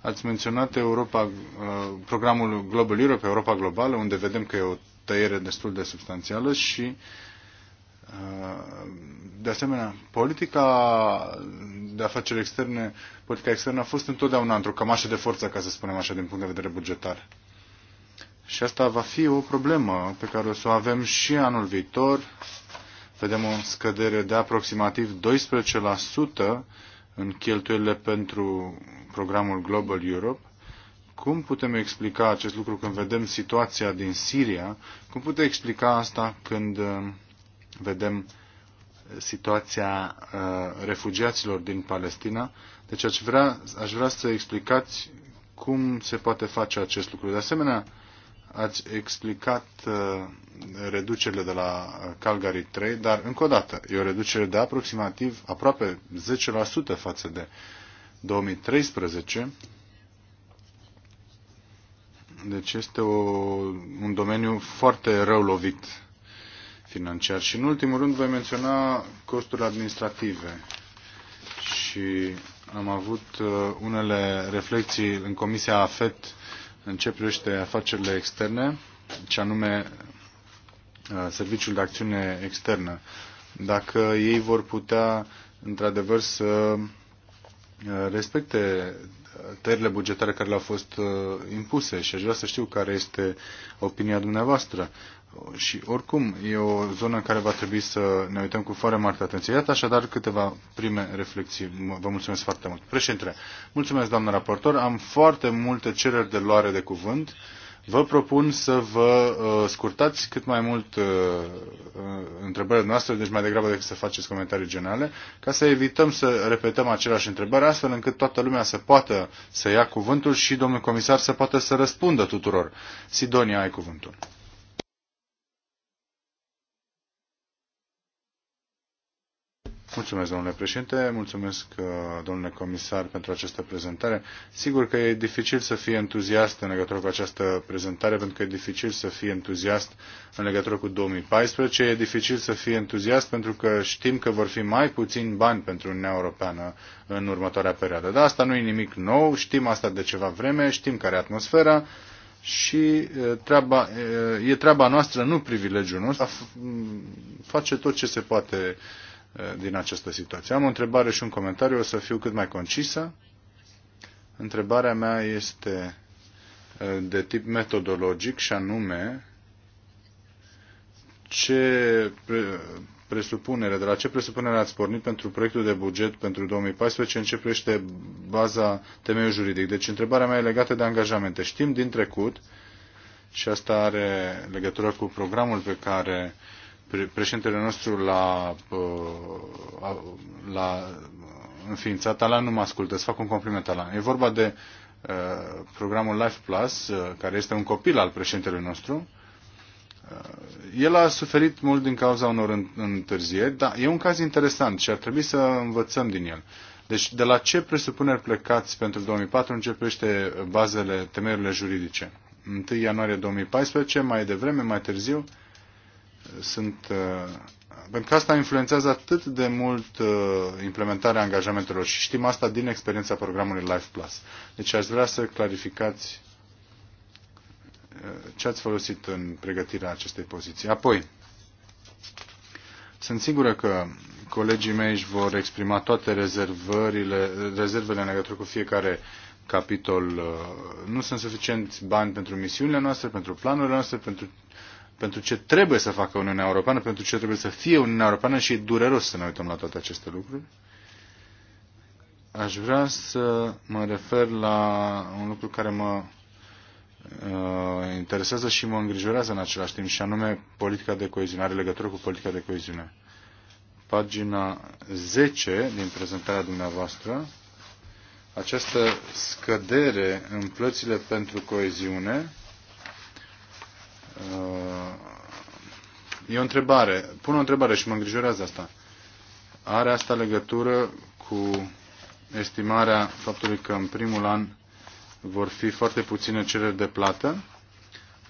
Ați menționat Europa, uh, programul Global Europe, Europa Globală, unde vedem că e o tăiere destul de substanțială și uh, de asemenea, politica de afaceri externe, politica externă a fost întotdeauna într-o cămașă de forță, ca să spunem așa, din punct de vedere bugetar. Și asta va fi o problemă pe care o să o avem și anul viitor vedem o scădere de aproximativ 12% în cheltuielile pentru programul Global Europe. Cum putem explica acest lucru când vedem situația din Siria? Cum putem explica asta când uh, vedem situația uh, refugiaților din Palestina? Deci aș vrea, aș vrea să explicați cum se poate face acest lucru. De asemenea, uh, ați explicat uh, reducerile de la Calgary 3, dar încă o dată, e o reducere de aproximativ aproape 10% față de 2013. Deci este o, un domeniu foarte rău lovit financiar. Și în ultimul rând voi menționa costurile administrative. Și am avut uh, unele reflexii în Comisia AFET în ce privește afacerile externe, ce anume uh, Serviciul de Acțiune Externă. Dacă ei vor putea, într-adevăr, să uh, respecte uh, tăierile bugetare care le-au fost impuse și aș vrea să știu care este opinia dumneavoastră și oricum e o zonă în care va trebui să ne uităm cu foarte mare atenție. Iată așadar câteva prime reflexii. Vă mulțumesc foarte mult. Președintele, mulțumesc doamnă raportor. Am foarte multe cereri de luare de cuvânt. Vă propun să vă uh, scurtați cât mai mult uh, uh, întrebările noastre, deci mai degrabă decât să faceți comentarii generale, ca să evităm să repetăm aceleași întrebări, astfel încât toată lumea să poată să ia cuvântul și domnul comisar să poată să răspundă tuturor. Sidonia, ai cuvântul. Mulțumesc, domnule președinte, mulțumesc, uh, domnule comisar, pentru această prezentare. Sigur că e dificil să fii entuziast în legătură cu această prezentare, pentru că e dificil să fii entuziast în legătură cu 2014, e dificil să fii entuziast pentru că știm că vor fi mai puțini bani pentru Uniunea Europeană în următoarea perioadă. Dar asta nu e nimic nou, știm asta de ceva vreme, știm care e atmosfera și uh, treaba, uh, e treaba noastră, nu privilegiul nostru, a face tot ce se poate Eh, din această situație. Am o întrebare și un comentariu, o să fiu cât mai concisă. Întrebarea mea este eh, de tip metodologic și anume ce presupunere, de la ce presupunere ați pornit pentru proiectul de buget pentru 2014 în ce privește baza temeiul juridic. Deci întrebarea mea e legată de angajamente. Știm din trecut și asta are legătură cu programul pe care președintele nostru la la uh, l-a înființat, Alan nu mă ascultă, să fac un compliment, Alan. E vorba de uh, programul Life Plus, uh, care este un copil al președintelui nostru. el a suferit mult din cauza unor întârzieri, dar e un caz interesant și ar trebui să învățăm din el. Deci, de la ce presupuneri plecați pentru 2004 începește bazele, temerile juridice? 1 ianuarie 2014, mai devreme, mai târziu, uh, sunt uh, pentru că asta influențează atât de mult uh, implementarea angajamentelor și știm asta din experiența programului Life Plus. Deci aș vrea să clarificați uh, ce ați folosit în pregătirea acestei poziții. Apoi, sunt sigură că colegii mei își vor exprima toate rezervările, rezervele în legătură cu fiecare capitol. nu sunt suficienți bani pentru misiunile noastre, pentru planurile noastre, pentru pentru ce trebuie să facă Uniunea Europeană, pentru ce trebuie să fie Uniunea Europeană și e dureros să ne uităm la toate aceste lucruri. Aș vrea să mă refer la un lucru care mă uh, interesează și mă îngrijorează în același timp, și anume politica de coeziune, are legătură cu politica de coeziune. Pagina 10 din prezentarea dumneavoastră, această scădere în plățile pentru coeziune, Uh, e o întrebare. Pun o întrebare și mă îngrijorează asta. Are asta legătură cu estimarea faptului că în primul an vor fi foarte puține cereri de plată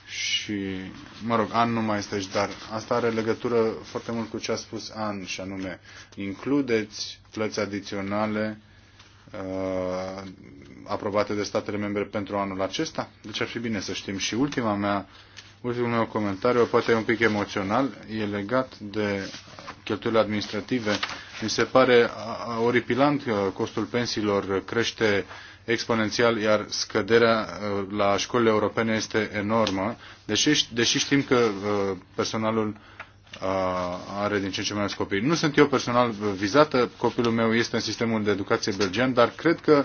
și, mă rog, an nu mai este aici, dar asta are legătură foarte mult cu ce a spus an și anume, includeți plăți adiționale uh, aprobate de statele membre pentru anul acesta? Deci ar fi bine să știm. Și ultima mea Ultimul meu comentariu, poate e un pic emoțional, e legat de cheltuielile administrative. Mi se pare oripilant că costul pensiilor crește exponențial, iar scăderea uh, la școlile europene este enormă, deși, deși știm că uh, personalul uh, are din ce în ce mai mulți copii. Nu sunt eu personal vizată, copilul meu este în sistemul de educație belgian, dar cred că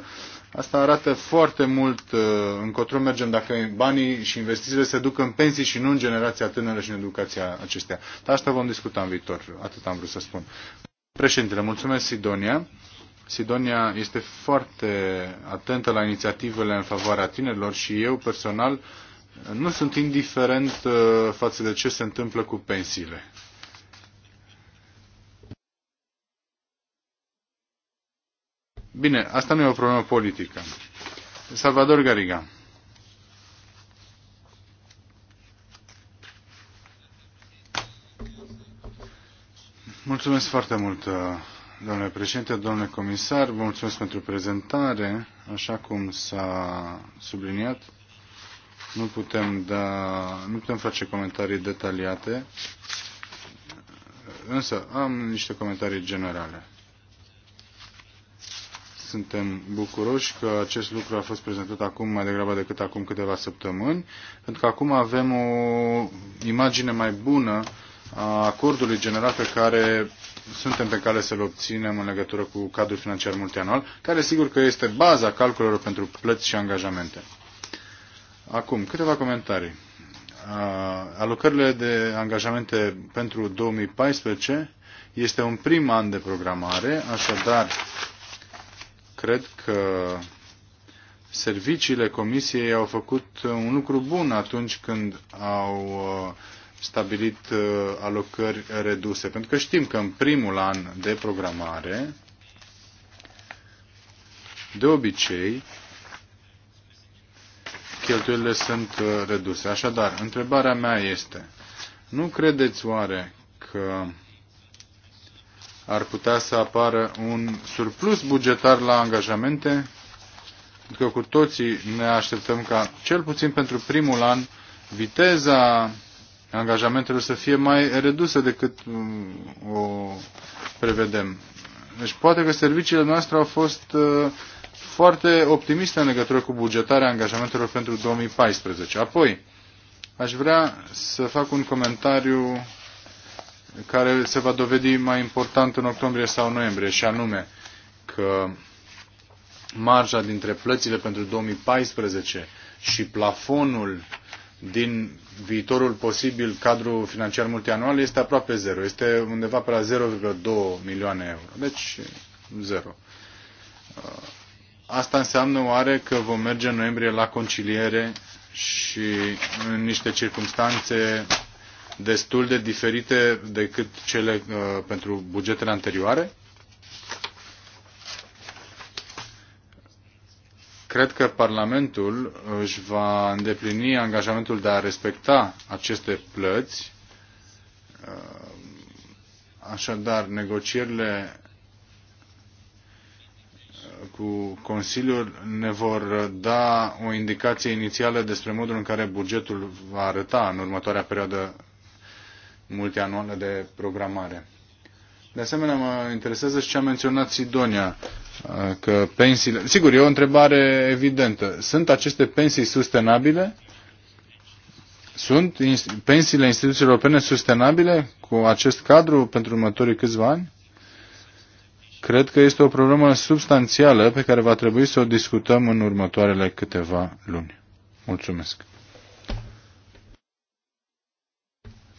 Asta arată foarte mult uh, încotro mergem dacă banii și investițiile se duc în pensii și nu în generația tânără și în educația acestea. Dar asta vom discuta în viitor, atât am vrut să spun. Președintele, mulțumesc Sidonia. Sidonia este foarte atentă la inițiativele în favoarea tinerilor și eu personal nu sunt indiferent uh, față de ce se întâmplă cu pensiile. Bine, asta nu e o problemă politică. Salvador Gariga. Mulțumesc foarte mult, uh, domnule președinte, domnule comisar. Vă mulțumesc pentru prezentare. Așa cum s-a subliniat, nu putem, da, nu putem face comentarii detaliate, însă am niște comentarii generale. Suntem bucuroși că acest lucru a fost prezentat acum mai degrabă decât acum câteva săptămâni, pentru că acum avem o imagine mai bună a acordului general pe care suntem pe cale să-l obținem în legătură cu cadrul financiar multianual, care sigur că este baza calculelor pentru plăți și angajamente. Acum, câteva comentarii. Alocările de angajamente pentru 2014 este un prim an de programare, așadar Cred că serviciile Comisiei au făcut un lucru bun atunci când au uh, stabilit uh, alocări reduse. Pentru că știm că în primul an de programare, de obicei, cheltuielile sunt uh, reduse. Așadar, întrebarea mea este, nu credeți oare că ar putea să apară un surplus bugetar la angajamente, pentru că cu toții ne așteptăm ca, cel puțin pentru primul an, viteza angajamentelor să fie mai redusă decât mm, o prevedem. Deci poate că serviciile noastre au fost uh, foarte optimiste în legătură cu bugetarea angajamentelor pentru 2014. Apoi, aș vrea să fac un comentariu care se va dovedi mai important în octombrie sau noiembrie, și anume că marja dintre plățile pentru 2014 și plafonul din viitorul posibil cadru financiar multianual este aproape zero. Este undeva pe la 0,2 milioane euro. Deci, zero. Uh, asta înseamnă oare că vom merge în noiembrie la conciliere și în niște circunstanțe destul de diferite decât cele uh, pentru bugetele anterioare? Cred că Parlamentul uh, își va îndeplini angajamentul de a respecta aceste plăți. Uh, așadar, negocierile uh, cu Consiliul ne vor da o indicație inițială despre modul în care bugetul va arăta în următoarea perioadă multianuală de programare. De asemenea, mă interesează și ce a menționat Sidonia, uh, că pensiile... Sigur, e o întrebare evidentă. Sunt aceste pensii sustenabile? Sunt pensiile instituțiilor europene sustenabile cu acest cadru pentru următorii câțiva ani? Cred că este o problemă substanțială pe care va trebui să o discutăm în următoarele câteva luni. Mulțumesc.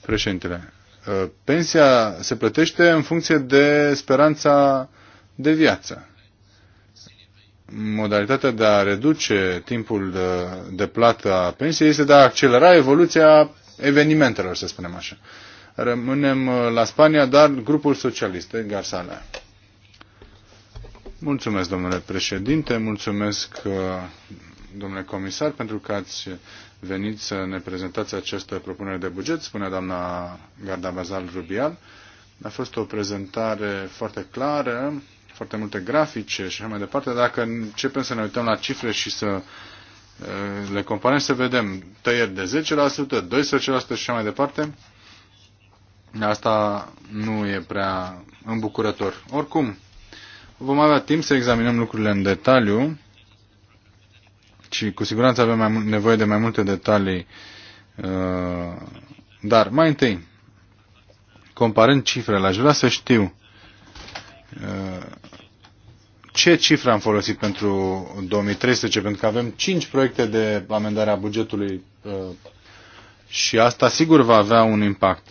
Președintele, uh, pensia se plătește în funcție de speranța de viață. Modalitatea de a reduce timpul de, de plată a pensiei este de a accelera evoluția evenimentelor, să spunem așa. Rămânem uh, la Spania, dar grupul socialist, Edgar Salea. Mulțumesc, domnule președinte, mulțumesc, uh, domnule comisar, pentru că ați venit să ne prezentați această propunere de buget, spunea doamna Garda Bazal Rubial. A fost o prezentare foarte clară, foarte multe grafice și așa mai departe. Dacă începem să ne uităm la cifre și să uh, le comparăm, să vedem tăieri de 10%, 12% și așa mai departe, asta nu e prea îmbucurător. Oricum, vom avea timp să examinăm lucrurile în detaliu ci cu siguranță avem mai nevoie de mai multe detalii. Uh, dar mai întâi, comparând cifrele, aș vrea să știu uh, ce cifre am folosit pentru 2013, pentru că avem 5 proiecte de amendare a bugetului uh, și asta sigur va avea un impact.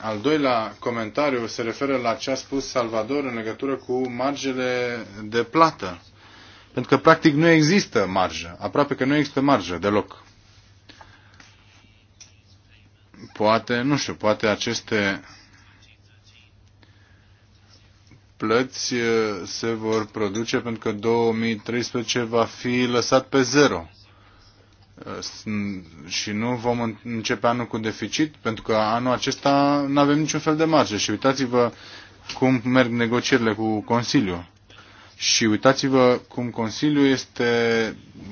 Al doilea comentariu se referă la ce a spus Salvador în legătură cu margele de plată. Pentru că, practic, nu există marjă. Aproape că nu există marjă deloc. Poate, nu știu, poate aceste plăți uh, se vor produce pentru că 2013 va fi lăsat pe zero uh, și nu vom începe anul cu deficit, pentru că anul acesta nu avem niciun fel de marjă. Și uitați-vă cum merg negocierile cu Consiliul. Și uitați-vă cum Consiliul este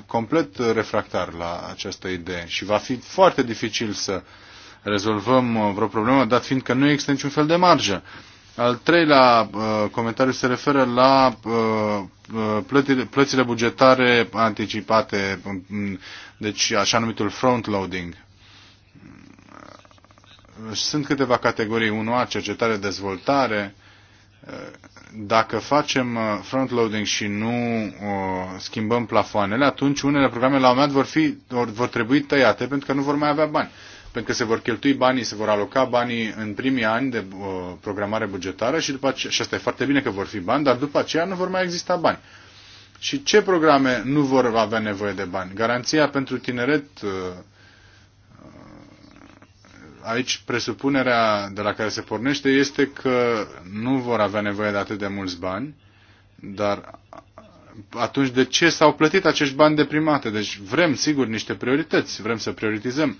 complet refractar la această idee și va fi foarte dificil să rezolvăm uh, vreo problemă, dat fiind că nu există niciun fel de marjă. Al treilea uh, comentariu se referă la uh, uh plătile, plățile bugetare anticipate, um, um, deci așa numitul front-loading. Sunt câteva categorii, 1A, cercetare, dezvoltare, uh, dacă facem uh, frontloading și nu uh, schimbăm plafoanele, atunci unele programe la un moment dat vor, fi, vor, trebui tăiate pentru că nu vor mai avea bani. Pentru că se vor cheltui banii, se vor aloca banii în primii ani de uh, programare bugetară și, după aceea, și asta e foarte bine că vor fi bani, dar după aceea nu vor mai exista bani. Și ce programe nu vor avea nevoie de bani? Garanția pentru tineret uh, aici presupunerea de la care se pornește este că nu vor avea nevoie de atât de mulți bani, dar atunci de ce s-au plătit acești bani de primate? Deci vrem, sigur, niște priorități, vrem să prioritizăm.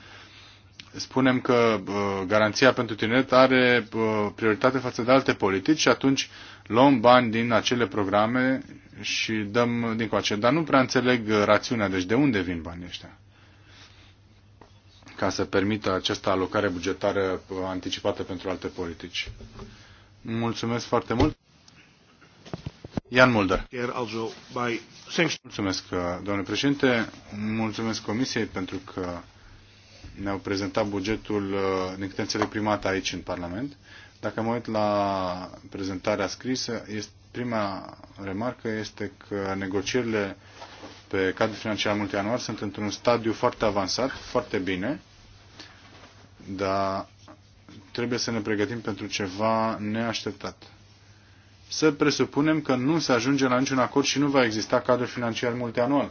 Spunem că uh, garanția pentru tineret are uh, prioritate față de alte politici și atunci luăm bani din acele programe și dăm din coace. Dar nu prea înțeleg rațiunea, deci de unde vin banii ăștia? ca să permită această alocare bugetară uh, anticipată pentru alte politici. Mulțumesc foarte mult. Ian Mulder. Mulțumesc, uh, domnule președinte. Mulțumesc Comisiei pentru că ne-au prezentat bugetul, uh, din câte înțeleg, primat aici în Parlament. Dacă mă uit la prezentarea scrisă, este, prima remarcă este că negocierile pe cadrul financiar multianual sunt într-un stadiu foarte avansat, foarte bine, dar trebuie să ne pregătim pentru ceva neașteptat. Să presupunem că nu se ajunge la niciun acord și nu va exista cadru financiar multianual.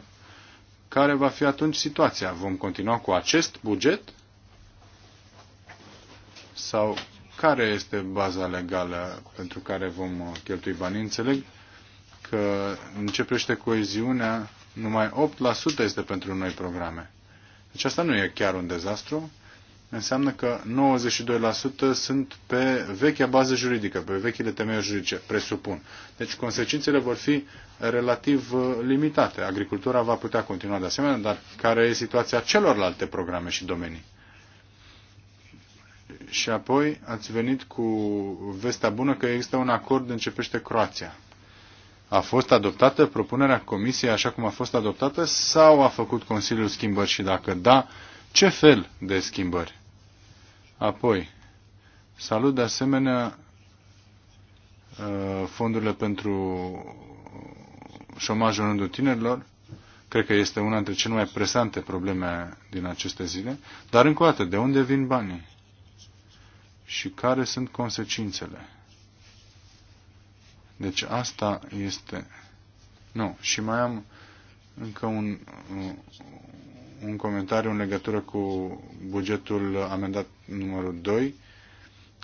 Care va fi atunci situația? Vom continua cu acest buget? Sau care este baza legală pentru care vom cheltui banii? Înțeleg că începește coeziunea numai 8% este pentru noi programe. Deci asta nu e chiar un dezastru. Înseamnă că 92% sunt pe vechea bază juridică, pe vechile temeiuri juridice, presupun. Deci consecințele vor fi relativ uh, limitate. Agricultura va putea continua de asemenea, dar care e situația celorlalte programe și domenii? Și apoi ați venit cu vestea bună că există un acord începește Croația. A fost adoptată propunerea Comisiei așa cum a fost adoptată sau a făcut Consiliul schimbări și dacă da, ce fel de schimbări? Apoi, salut de asemenea uh, fondurile pentru șomajul în rândul tinerilor. Cred că este una dintre cele mai presante probleme din aceste zile. Dar încă o dată, de unde vin banii? Și care sunt consecințele? Deci asta este... Nu, și mai am încă un, un comentariu în legătură cu bugetul amendat numărul 2.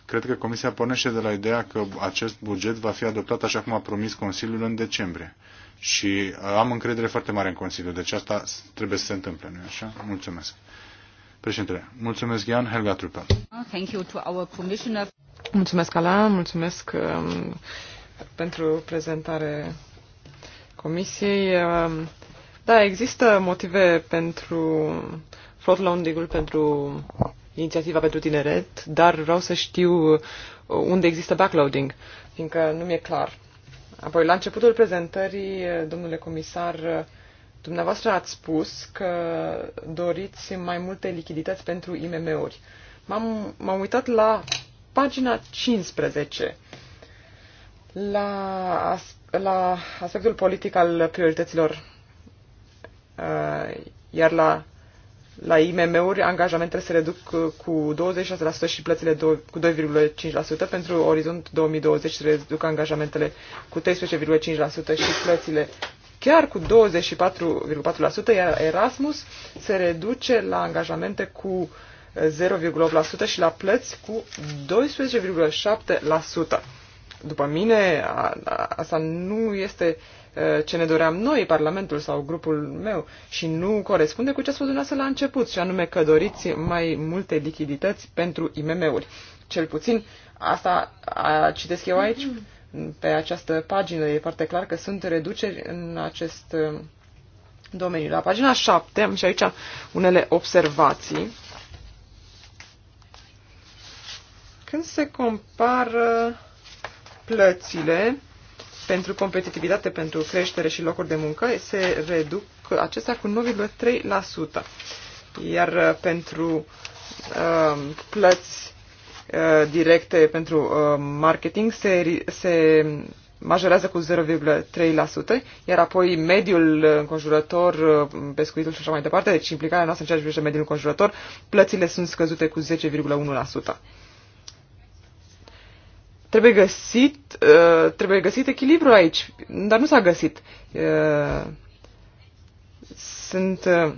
Cred că Comisia pornește de la ideea că acest buget va fi adoptat așa cum a promis Consiliul în decembrie. Și am încredere foarte mare în Consiliu, deci asta trebuie să se întâmple, nu-i așa? Mulțumesc. Președintele, mulțumesc, Ian Helga Trupa. Mulțumesc, Alain, mulțumesc um, pentru prezentare comisiei. Um, da, există motive pentru Flot pentru inițiativa pentru tineret, dar vreau să știu unde există backloading, fiindcă nu mi-e clar. Apoi, la începutul prezentării, domnule comisar, dumneavoastră ați spus că doriți mai multe lichidități pentru IMM-uri. M-am, uitat la pagina 15 la, la aspectul politic al priorităților, uh, iar la, la IMM-uri, angajamentele se reduc cu 26% și plățile cu 2,5%. Pentru Orizont 2020 se reduc angajamentele cu 13,5% și plățile chiar cu 24,4%, iar Erasmus se reduce la angajamente cu 0,8% și la plăți cu 12,7% după mine, asta nu este ce ne doream noi, Parlamentul sau grupul meu, și nu corespunde cu ce a spus dumneavoastră la început, și anume că doriți mai multe lichidități pentru IMM-uri. Cel puțin asta a, citesc eu aici, pe această pagină, e foarte clar că sunt reduceri în acest domeniu. La pagina 7 am și aici unele observații. Când se compară plățile pentru competitivitate, pentru creștere și locuri de muncă se reduc acestea cu 9,3%. Iar uh, pentru uh, plăți uh, directe pentru uh, marketing se, se majorează cu 0,3%, iar apoi mediul înconjurător, uh, pescuitul și așa mai departe, deci implicarea noastră în ceea ce privește mediul înconjurător, plățile sunt scăzute cu 10,1%. Trebuie găsit, uh, trebuie găsit echilibru aici, dar nu s-a găsit. Uh, sunt uh,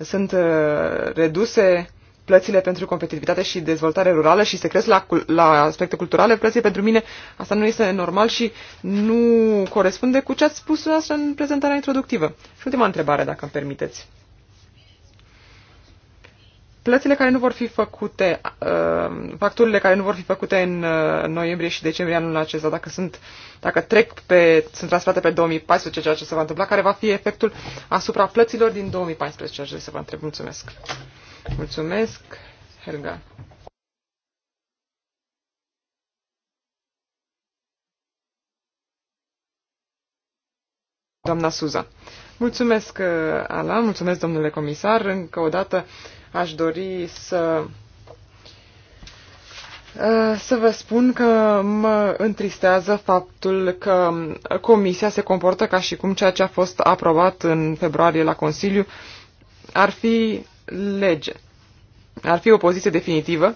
sunt uh, reduse plățile pentru competitivitate și dezvoltare rurală și se cresc la, la aspecte culturale plățile pentru mine. Asta nu este normal și nu corespunde cu ce ați spus dumneavoastră în prezentarea introductivă. Și ultima întrebare, dacă îmi permiteți. Plățile care nu vor fi făcute, uh, facturile care nu vor fi făcute în uh, noiembrie și decembrie anul acesta, dacă sunt, dacă trec pe, sunt transferate pe 2014, ceea ce se va întâmpla, care va fi efectul asupra plăților din 2014, ceea ce se va întreb. Mulțumesc. Mulțumesc, Helga. Doamna Suza. Mulțumesc, uh, Ala, mulțumesc, domnule comisar. Încă o dată aș dori să uh, să vă spun că mă întristează faptul că Comisia se comportă ca și cum ceea ce a fost aprobat în februarie la Consiliu ar fi lege, ar fi o poziție definitivă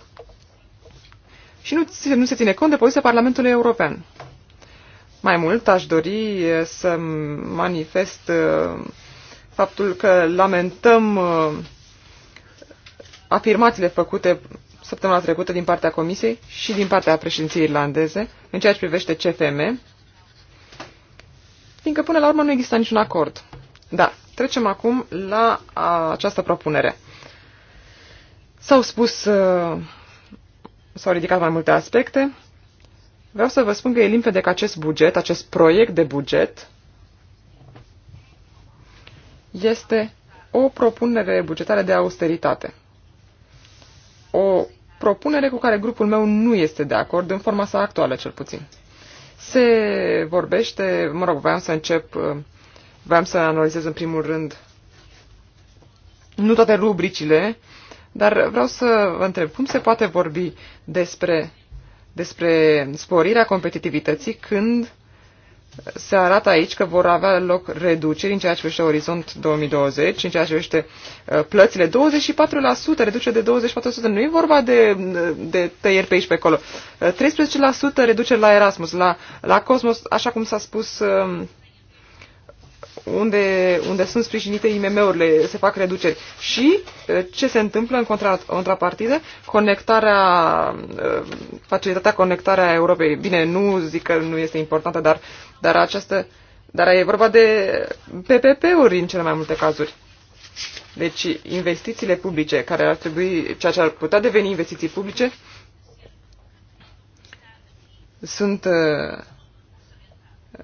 și nu, nu se ține cont de poziția Parlamentului European. Mai mult aș dori să manifest uh, faptul că lamentăm uh, afirmațiile făcute săptămâna trecută din partea Comisiei și din partea președinției irlandeze în ceea ce privește CFM, fiindcă până la urmă nu există niciun acord. Da, trecem acum la această propunere. S-au spus, s-au ridicat mai multe aspecte. Vreau să vă spun că e limpede că acest buget, acest proiect de buget, este o propunere bugetară de austeritate o propunere cu care grupul meu nu este de acord, în forma sa actuală cel puțin. Se vorbește, mă rog, voiam să încep, voiam să analizez în primul rând nu toate rubricile, dar vreau să vă întreb, cum se poate vorbi despre, despre sporirea competitivității când se arată aici că vor avea loc reduceri în ceea ce privește Orizont 2020, în ceea ce privește uh, plățile, 24%, reducere de 24%, nu e vorba de, uh, de tăieri pe aici pe acolo, 13% uh, reducere la Erasmus, la, la Cosmos, așa cum s-a spus um, unde, unde sunt sprijinite IMM-urile, se fac reduceri. Și uh, ce se întâmplă în contrapartidă? Conectarea, uh, facilitatea conectarea Europei. Bine, nu zic că nu este importantă, dar, dar această, dar e vorba de PPP-uri în cele mai multe cazuri. Deci investițiile publice, care ar trebui, ceea ce ar putea deveni investiții publice, sunt uh,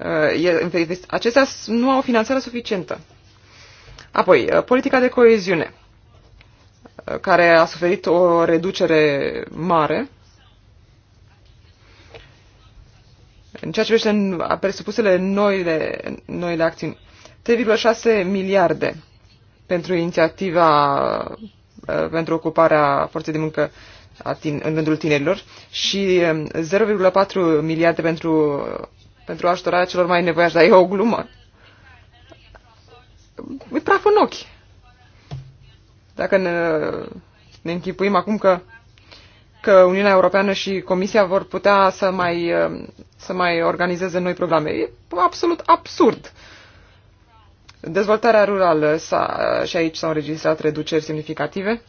Uh, acestea nu au finanțare suficientă. Apoi, uh, politica de coeziune, uh, care a suferit o reducere mare. În ceea ce privește presupusele noile, noile acțiuni, 3,6 miliarde pentru inițiativa pentru ocuparea forței de muncă în rândul tinerilor și 0,4 um, miliarde pentru pentru ajutorarea celor mai nevoiași, dar e o glumă. E praf în ochi. Dacă ne, ne închipuim acum că, că Uniunea Europeană și Comisia vor putea să mai, să mai organizeze noi programe, e absolut absurd. Dezvoltarea rurală și aici s-au înregistrat reduceri semnificative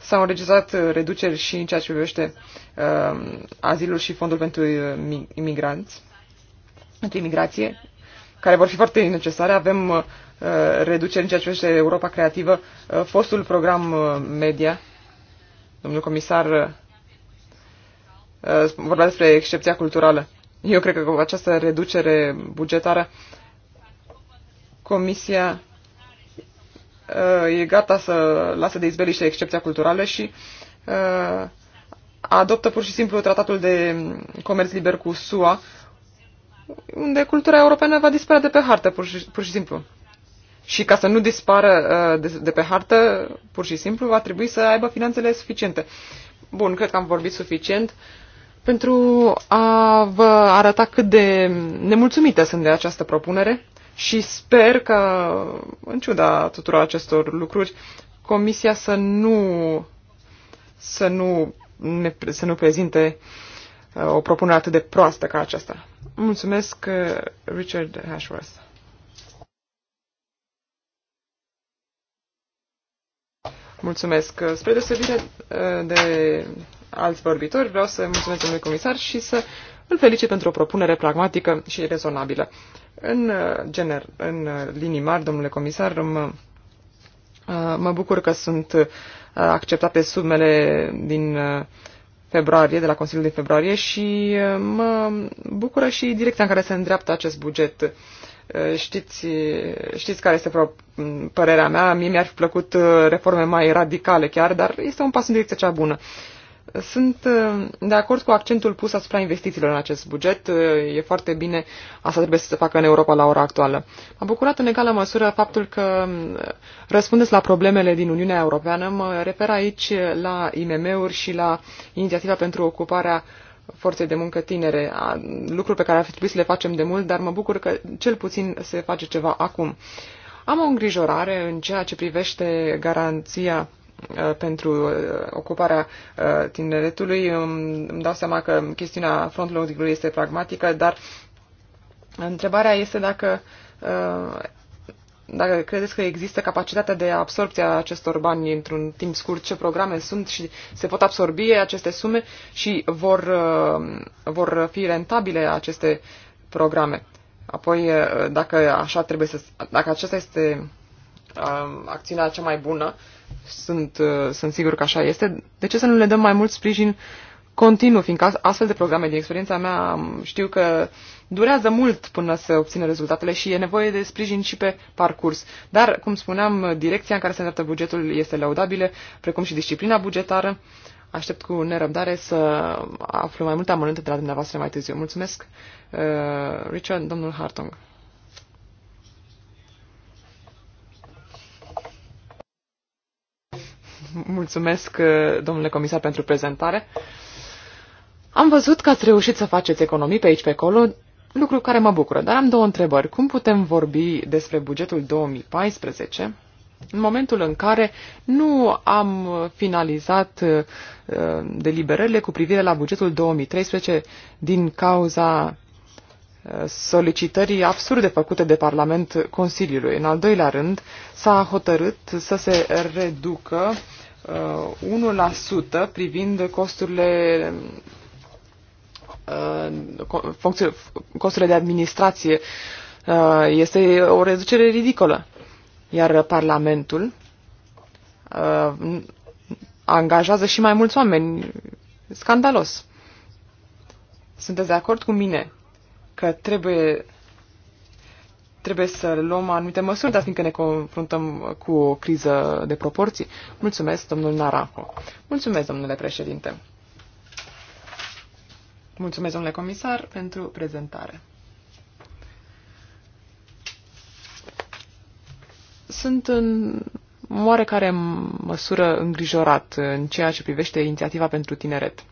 S-au înregistrat uh, reduceri și în ceea ce privește uh, azilul și fondul pentru uh, imigranți, pentru imigrație, care vor fi foarte necesare. Avem uh, reduceri în ceea ce privește Europa Creativă, uh, fostul program uh, media. Domnul comisar uh, vorbea despre excepția culturală. Eu cred că cu această reducere bugetară, Comisia Uh, e gata să lasă de izbeliște excepția culturală și uh, adoptă pur și simplu tratatul de comerț liber cu SUA, unde cultura europeană va dispărea de pe hartă, pur și, pur și simplu. Și ca să nu dispară uh, de, de pe hartă, pur și simplu, va trebui să aibă finanțele suficiente. Bun, cred că am vorbit suficient pentru a vă arăta cât de nemulțumită sunt de această propunere și sper că, în ciuda tuturor acestor lucruri, Comisia să nu, să nu, ne, să nu prezinte uh, o propunere atât de proastă ca aceasta. Mulțumesc, uh, Richard Hashworth. Mulțumesc. Uh, spre deosebire de alți vorbitori, vreau să mulțumesc domnului comisar și să îl felicit pentru o propunere pragmatică și rezonabilă. În, uh, gener, în uh, linii mari, domnule comisar, mă, uh, mă bucur că sunt acceptate sumele din februarie, de la Consiliul din februarie și mă bucură și direcția în care se îndreaptă acest buget. Știți, știți care este părerea mea, mie mi-ar fi plăcut reforme mai radicale chiar, dar este un pas în direcția cea bună. Sunt uh, de acord cu accentul pus asupra investițiilor în acest buget. Uh, e foarte bine, asta trebuie să se facă în Europa la ora actuală. M-a bucurat în egală măsură faptul că um, răspundeți la problemele din Uniunea Europeană. Mă refer aici la IMM-uri și la inițiativa pentru ocuparea forței de muncă tinere, lucruri pe care ar fi trebuit să le facem de mult, dar mă bucur că cel puțin se face ceva acum. Am o îngrijorare în ceea ce privește garanția Uh, pentru uh, ocuparea uh, tineretului. Îmi dau seama că chestiunea frontloading-ului este pragmatică, dar întrebarea este dacă dacă credeți că există capacitatea de absorpție a acestor bani într-un timp scurt, ce programe sunt și se pot absorbi aceste sume și vor, vor fi rentabile aceste programe. Apoi, dacă, așa trebuie să, dacă aceasta este acțiunea cea mai bună, sunt, uh, sunt sigur că așa este, de ce să nu le dăm mai mult sprijin continuu, fiindcă astfel de programe, din experiența mea, știu că durează mult până să obțină rezultatele și e nevoie de sprijin și pe parcurs. Dar, cum spuneam, direcția în care se îndreaptă bugetul este laudabilă, precum și disciplina bugetară. Aștept cu nerăbdare să aflu mai multe amănunte de la dumneavoastră mai târziu. Mulțumesc, uh, Richard, domnul Hartung. Mulțumesc, uh, domnule comisar, pentru prezentare. Am văzut că ați reușit să faceți economii pe aici, pe acolo, lucru care mă bucură, dar am două întrebări. Cum putem vorbi despre bugetul 2014 în momentul în care nu am finalizat uh, deliberările cu privire la bugetul 2013 din cauza uh, solicitării absurde făcute de Parlament Consiliului. În al doilea rând, s-a hotărât să se reducă 1% uh, privind costurile uh, costurile de administrație uh, este o reducere ridicolă. Iar Parlamentul angajează și mai mulți oameni. Scandalos. Sunteți de acord cu mine că trebuie trebuie să luăm anumite măsuri, dar fiindcă ne confruntăm cu o criză de proporții. Mulțumesc, domnul Naranjo. Mulțumesc, domnule președinte. Mulțumesc, domnule comisar, pentru prezentare. Sunt în oarecare măsură îngrijorat în ceea ce privește inițiativa pentru tineret.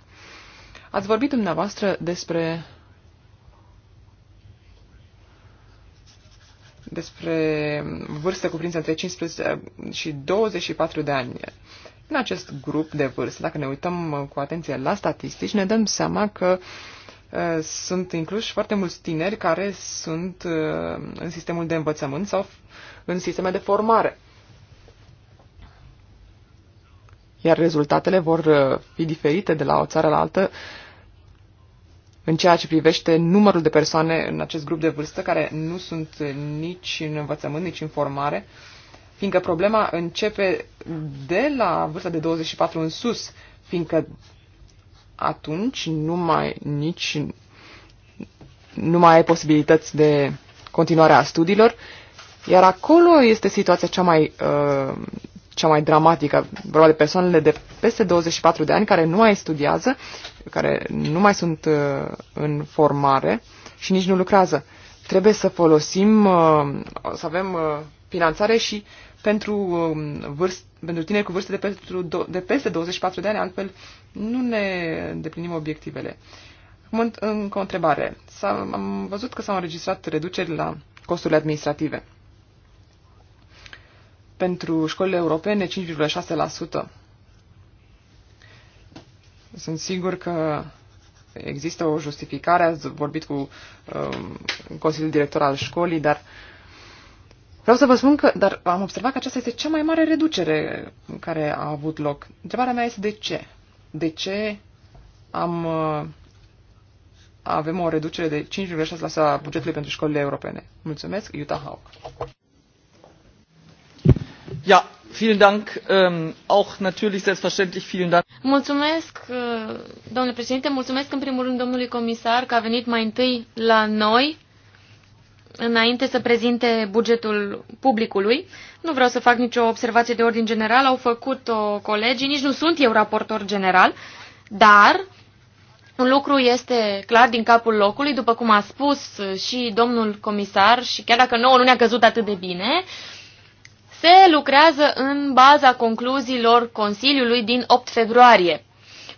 Ați vorbit dumneavoastră despre despre vârste cuprinse între 15 și 24 de ani. În acest grup de vârste, dacă ne uităm uh, cu atenție la statistici, ne dăm seama că uh, sunt incluși foarte mulți tineri care sunt uh, în sistemul de învățământ sau în sisteme de formare. Iar rezultatele vor fi diferite de la o țară la altă în ceea ce privește numărul de persoane în acest grup de vârstă care nu sunt nici în învățământ, nici în formare, fiindcă problema începe de la vârsta de 24 în sus, fiindcă atunci nu mai nici nu mai ai posibilități de continuare a studiilor, iar acolo este situația cea mai uh, cea mai dramatică, vorba de persoanele de peste 24 de ani care nu mai studiază, care nu mai sunt uh, în formare și nici nu lucrează. Trebuie să folosim, uh, să avem uh, finanțare și pentru, um, vârst, pentru tineri cu vârste de, pentru, de peste 24 de ani, altfel nu ne îndeplinim obiectivele. Acum, încă o întrebare. am văzut că s-au înregistrat reduceri la costurile administrative pentru școlile europene 5,6%. Sunt sigur că există o justificare, ați vorbit cu um, Consiliul Director al școlii, dar vreau să vă spun că dar am observat că aceasta este cea mai mare reducere care a avut loc. Întrebarea mea este de ce? De ce am, uh, avem o reducere de 5,6% a bugetului pentru școlile europene? Mulțumesc, Utah Hawk. Ähm, mulțumesc, uh, domnule președinte, mulțumesc în primul rând domnului comisar că a venit mai întâi la noi înainte să prezinte bugetul publicului. Nu vreau să fac nicio observație de ordin general, au făcut-o colegii, nici nu sunt eu raportor general, dar un lucru este clar din capul locului, după cum a spus și domnul comisar, și chiar dacă nouă nu ne-a căzut atât de bine, se lucrează în baza concluziilor Consiliului din 8 februarie.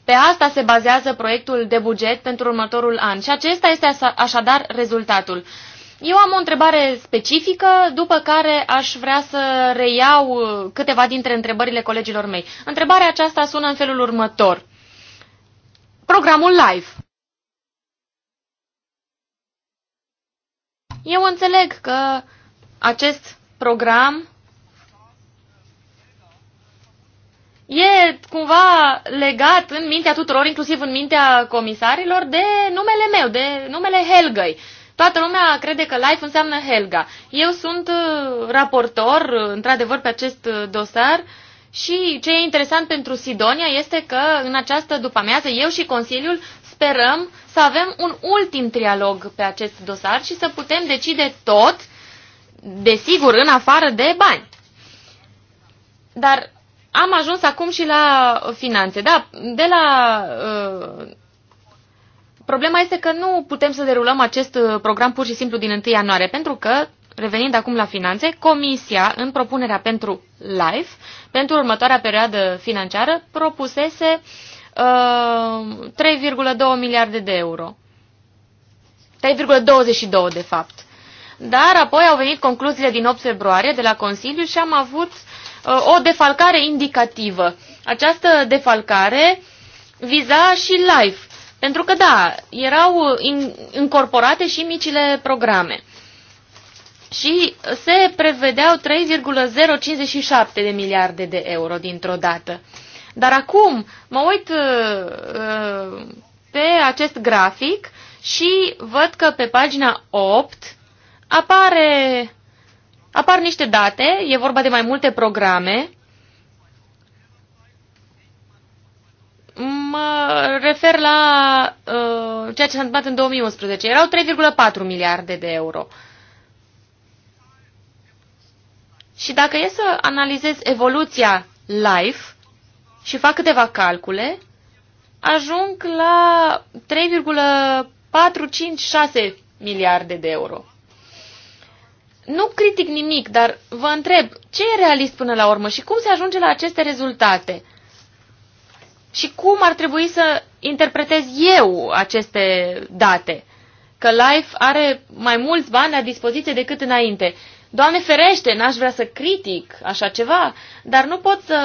Pe asta se bazează proiectul de buget pentru următorul an și acesta este așadar rezultatul. Eu am o întrebare specifică, după care aș vrea să reiau câteva dintre întrebările colegilor mei. Întrebarea aceasta sună în felul următor. Programul live. Eu înțeleg că acest program e cumva legat în mintea tuturor, inclusiv în mintea comisarilor, de numele meu, de numele Helgăi. Toată lumea crede că life înseamnă Helga. Eu sunt uh, raportor, uh, într-adevăr, pe acest uh, dosar și ce e interesant pentru Sidonia este că în această după-amiază eu și Consiliul sperăm să avem un ultim trialog pe acest dosar și să putem decide tot, desigur, în afară de bani. Dar am ajuns acum și la uh, finanțe. Da, de la... Uh, problema este că nu putem să derulăm acest uh, program pur și simplu din 1 ianuarie, pentru că, revenind acum la finanțe, Comisia, în propunerea pentru LIFE, pentru următoarea perioadă financiară, propusese uh, 3,2 miliarde de euro. 3,22 de fapt. Dar apoi au venit concluziile din 8 februarie de la Consiliu și am avut uh, Uh, o defalcare indicativă. Această defalcare viza și live, pentru că da, erau incorporate și micile programe. Și se prevedeau 3,057 de miliarde de euro dintr-o dată. Dar acum mă uit uh, uh pe acest grafic și văd că pe pagina 8 apare apar niște date, e vorba de mai multe programe. Mă refer la uh, ceea ce s-a întâmplat în 2011. Erau 3,4 miliarde de euro. Și dacă e să analizez evoluția LIFE și fac câteva calcule, ajung la 3,456 miliarde de euro. Nu critic nimic, dar vă întreb, ce e realist până la urmă și cum se ajunge la aceste rezultate? Și cum ar trebui să interpretez eu aceste date? Că Life are mai mulți bani la dispoziție decât înainte. Doamne ferește, n-aș vrea să critic așa ceva, dar nu pot să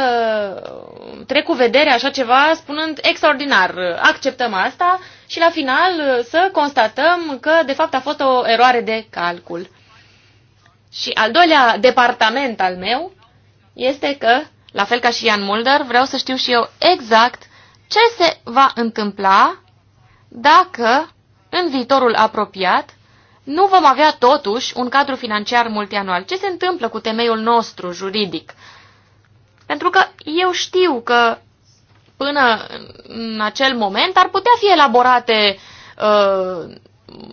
trec cu vedere așa ceva spunând extraordinar, acceptăm asta și la final să constatăm că de fapt a fost o eroare de calcul. Și al doilea departament al meu este că, la fel ca și Ian Mulder, vreau să știu și eu exact ce se va întâmpla dacă, în viitorul apropiat, nu vom avea totuși un cadru financiar multianual. Ce se întâmplă cu temeiul nostru juridic? Pentru că eu știu că până în acel moment ar putea fi elaborate uh,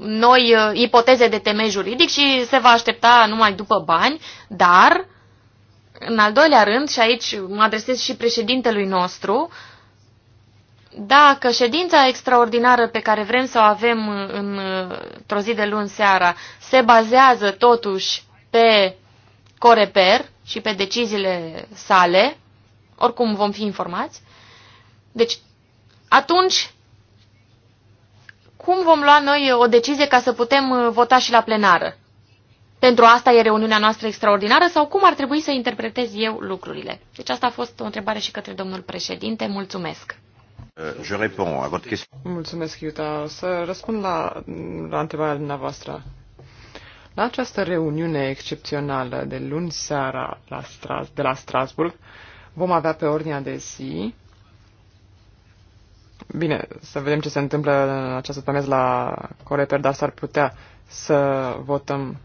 noi uh, ipoteze de temei juridic și se va aștepta numai după bani, dar, în al doilea rând, și aici mă adresez și președintelui nostru, dacă ședința extraordinară pe care vrem să o avem uh, uh, într-o zi de luni seara se bazează totuși pe Coreper și pe deciziile sale, oricum vom fi informați, deci atunci cum vom lua noi uh, o decizie ca să putem uh, vota și la plenară? Pentru asta e reuniunea noastră extraordinară sau cum ar trebui să interpretez eu lucrurile? Deci asta a fost o întrebare și către domnul președinte. Mulțumesc. Uh, je réponds à votre question. Mulțumesc, Iuta. O să răspund la, la întrebarea dumneavoastră. La această reuniune excepțională de luni seara la Stras, de la Strasburg, vom avea pe ordinea de zi Bine, să vedem ce se întâmplă în această pămez la Coreper, dar s-ar putea să votăm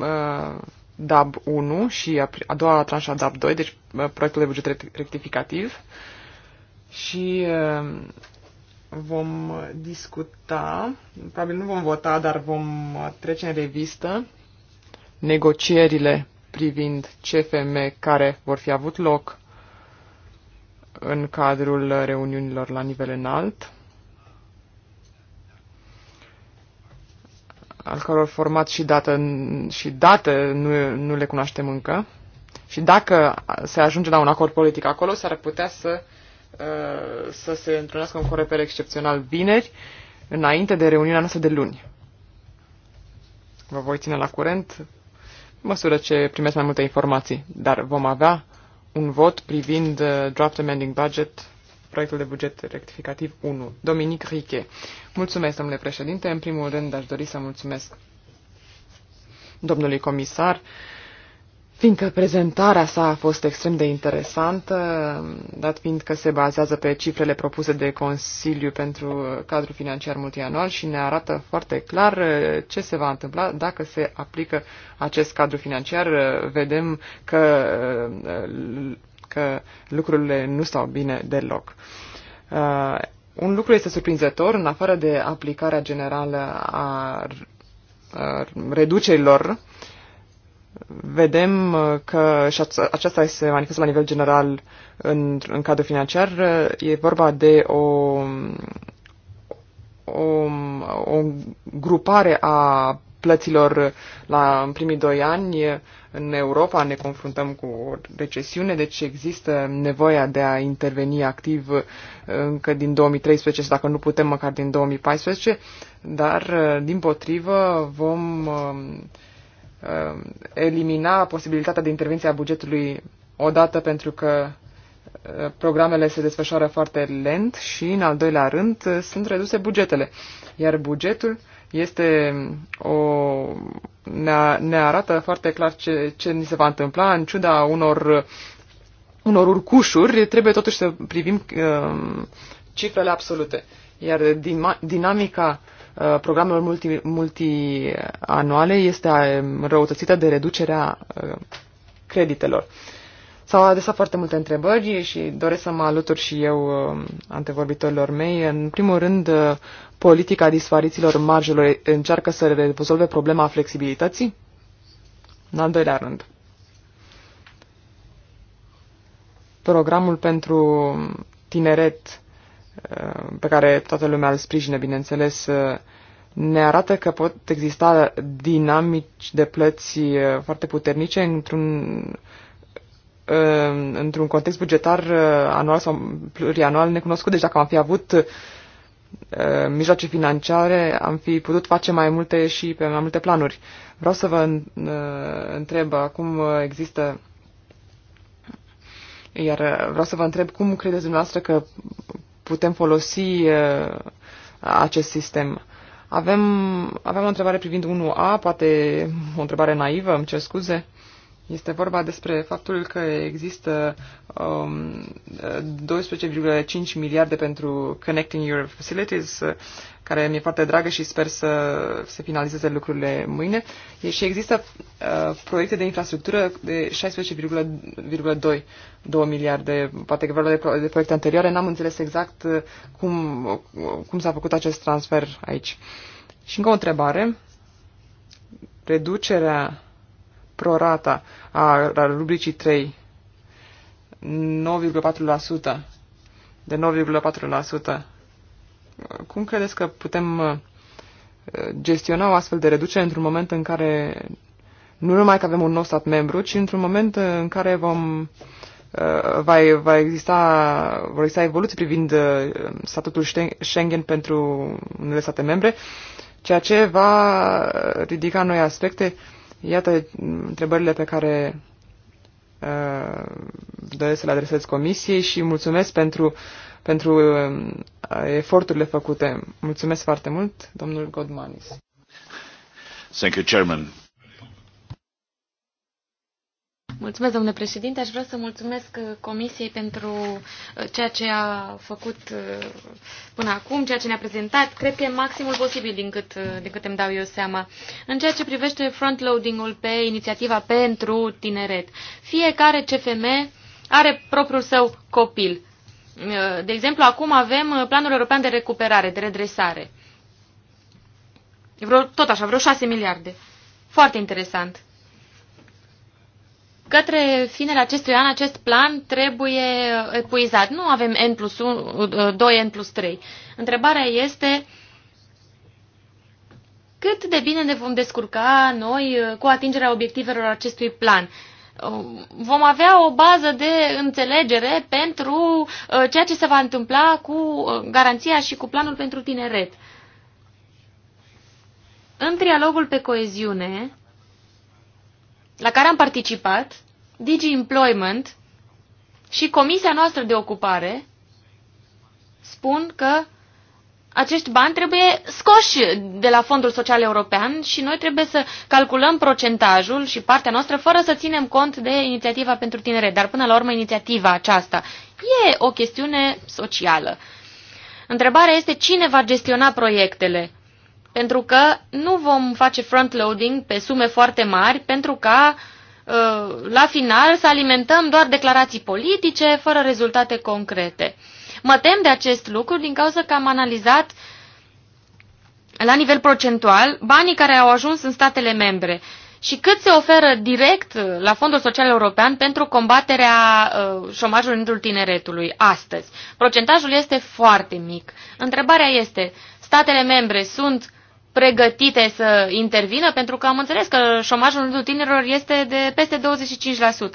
uh, DAB 1 și a doua tranșă DAB 2, deci uh, proiectul de buget rectificativ. Și uh, vom discuta, probabil nu vom vota, dar vom trece în revistă negocierile privind CFM care vor fi avut loc în cadrul reuniunilor la nivel înalt, al căror format și dată, și date nu, nu le cunoaștem încă. Și dacă se ajunge la un acord politic acolo, s-ar putea să, uh, să se întrunească un coreper excepțional vineri, înainte de reuniunea noastră de luni. Vă voi ține la curent măsură ce primesc mai multe informații, dar vom avea un vot privind uh, Draft Amending Budget, proiectul de buget rectificativ 1. Dominic Riche. Mulțumesc, domnule președinte. În primul rând, aș dori să mulțumesc domnului comisar Fiindcă prezentarea sa a fost extrem de interesantă, dat fiind că se bazează pe cifrele propuse de Consiliu pentru cadrul financiar multianual și ne arată foarte clar uh, ce se va întâmpla dacă se aplică acest cadru financiar, uh, vedem că, uh, că lucrurile nu stau bine deloc. Un lucru este surprinzător, în afară de aplicarea generală a reducerilor vedem uh, că și aceasta se manifestă la nivel general în, în cadrul financiar. Uh, e vorba de o, o, o grupare a plăților la, în primii doi ani în Europa, ne confruntăm cu o recesiune, deci există nevoia de a interveni activ uh, încă din 2013 dacă nu putem măcar din 2014, dar din potrivă vom Um, elimina posibilitatea de intervenție a bugetului odată pentru că uh, programele se desfășoară foarte lent și, în al doilea rând, uh, sunt reduse bugetele. Iar bugetul este o, ne, ne arată foarte clar ce, ce ni se va întâmpla în ciuda unor, unor urcușuri. Trebuie totuși să privim uh, cifrele absolute. Iar dinamica uh, Uh, programelor multi, multianuale este uh, răutățită de reducerea uh, creditelor. S-au adresat foarte multe întrebări și doresc să mă alătur și eu antevorbitorilor mei. În primul rând, politica dispariților marjelor încearcă să rezolve problema flexibilității? În al doilea rând, programul pentru tineret Uh, pe care toată lumea îl sprijină, bineînțeles, uh, ne arată că pot exista dinamici de plăți uh, foarte puternice într-un într-un context bugetar anual sau plurianual necunoscut. Deci dacă am fi avut mijloace financiare, am fi putut face mai multe și pe mai multe planuri. Vreau să vă întreb acum există iar vreau să vă întreb cum credeți dumneavoastră că putem folosi uh, acest sistem. Avem, avem o întrebare privind 1A, poate o întrebare naivă, îmi cer scuze. Este vorba despre faptul că există um, 12,5 miliarde pentru Connecting Europe Facilities, care mi-e foarte dragă și sper să se finalizeze lucrurile mâine. E, și există uh, proiecte de infrastructură de 16,2 miliarde. Poate că vorba de, pro- de proiecte anterioare, n-am înțeles exact uh, cum, cum s-a făcut acest transfer aici. Și încă o întrebare. Reducerea prorata a, a rubricii 3, 9,4%, de 9,4%. Cum credeți că putem uh, gestiona o astfel de reducere într-un moment în care nu numai că avem un nou stat membru, ci într-un moment uh, în care vom, uh, va, va exista, vor exista evoluții privind statutul Schengen pentru unele state membre, ceea ce va ridica noi aspecte uh, Iată întrebările pe care uh, doresc să le adresez comisiei și mulțumesc pentru, pentru uh, eforturile făcute. Mulțumesc foarte mult, domnul Godmanis. Thank you, Chairman. Mulțumesc, domnule președinte. Aș vrea să mulțumesc uh, Comisiei pentru uh, ceea ce a făcut uh, până acum, ceea ce ne-a prezentat. Cred că e maximul posibil din cât, din cât îmi dau eu seama. În ceea ce privește frontloading-ul pe inițiativa pentru tineret, fiecare CFM are propriul său copil. De exemplu, acum avem Planul European de Recuperare, de Redresare. Vreo, tot așa, vreo 6 miliarde. Foarte interesant către finele acestui an acest plan trebuie epuizat. Nu avem N plus 1, 2, N plus 3. Întrebarea este cât de bine ne vom descurca noi uh, cu atingerea obiectivelor acestui plan. Uh, vom avea o bază de înțelegere pentru uh, ceea ce se va întâmpla cu garanția și cu planul pentru tineret. În trialogul pe coeziune, la care am participat, Digi Employment și Comisia noastră de ocupare spun că acești bani trebuie scoși de la Fondul Social European și noi trebuie să calculăm procentajul și partea noastră fără să ținem cont de inițiativa pentru tinere. Dar până la urmă inițiativa aceasta e o chestiune socială. Întrebarea este cine va gestiona proiectele pentru că nu vom face front-loading pe sume foarte mari pentru ca uh, la final să alimentăm doar declarații politice fără rezultate concrete. Mă tem de acest lucru din cauza că am analizat la nivel procentual banii care au ajuns în statele membre și cât se oferă direct la Fondul Social European pentru combaterea uh, șomajului în rândul tineretului astăzi. Procentajul este foarte mic. Întrebarea este, statele membre sunt pregătite să intervină, pentru că am înțeles că șomajul în tinerilor este de peste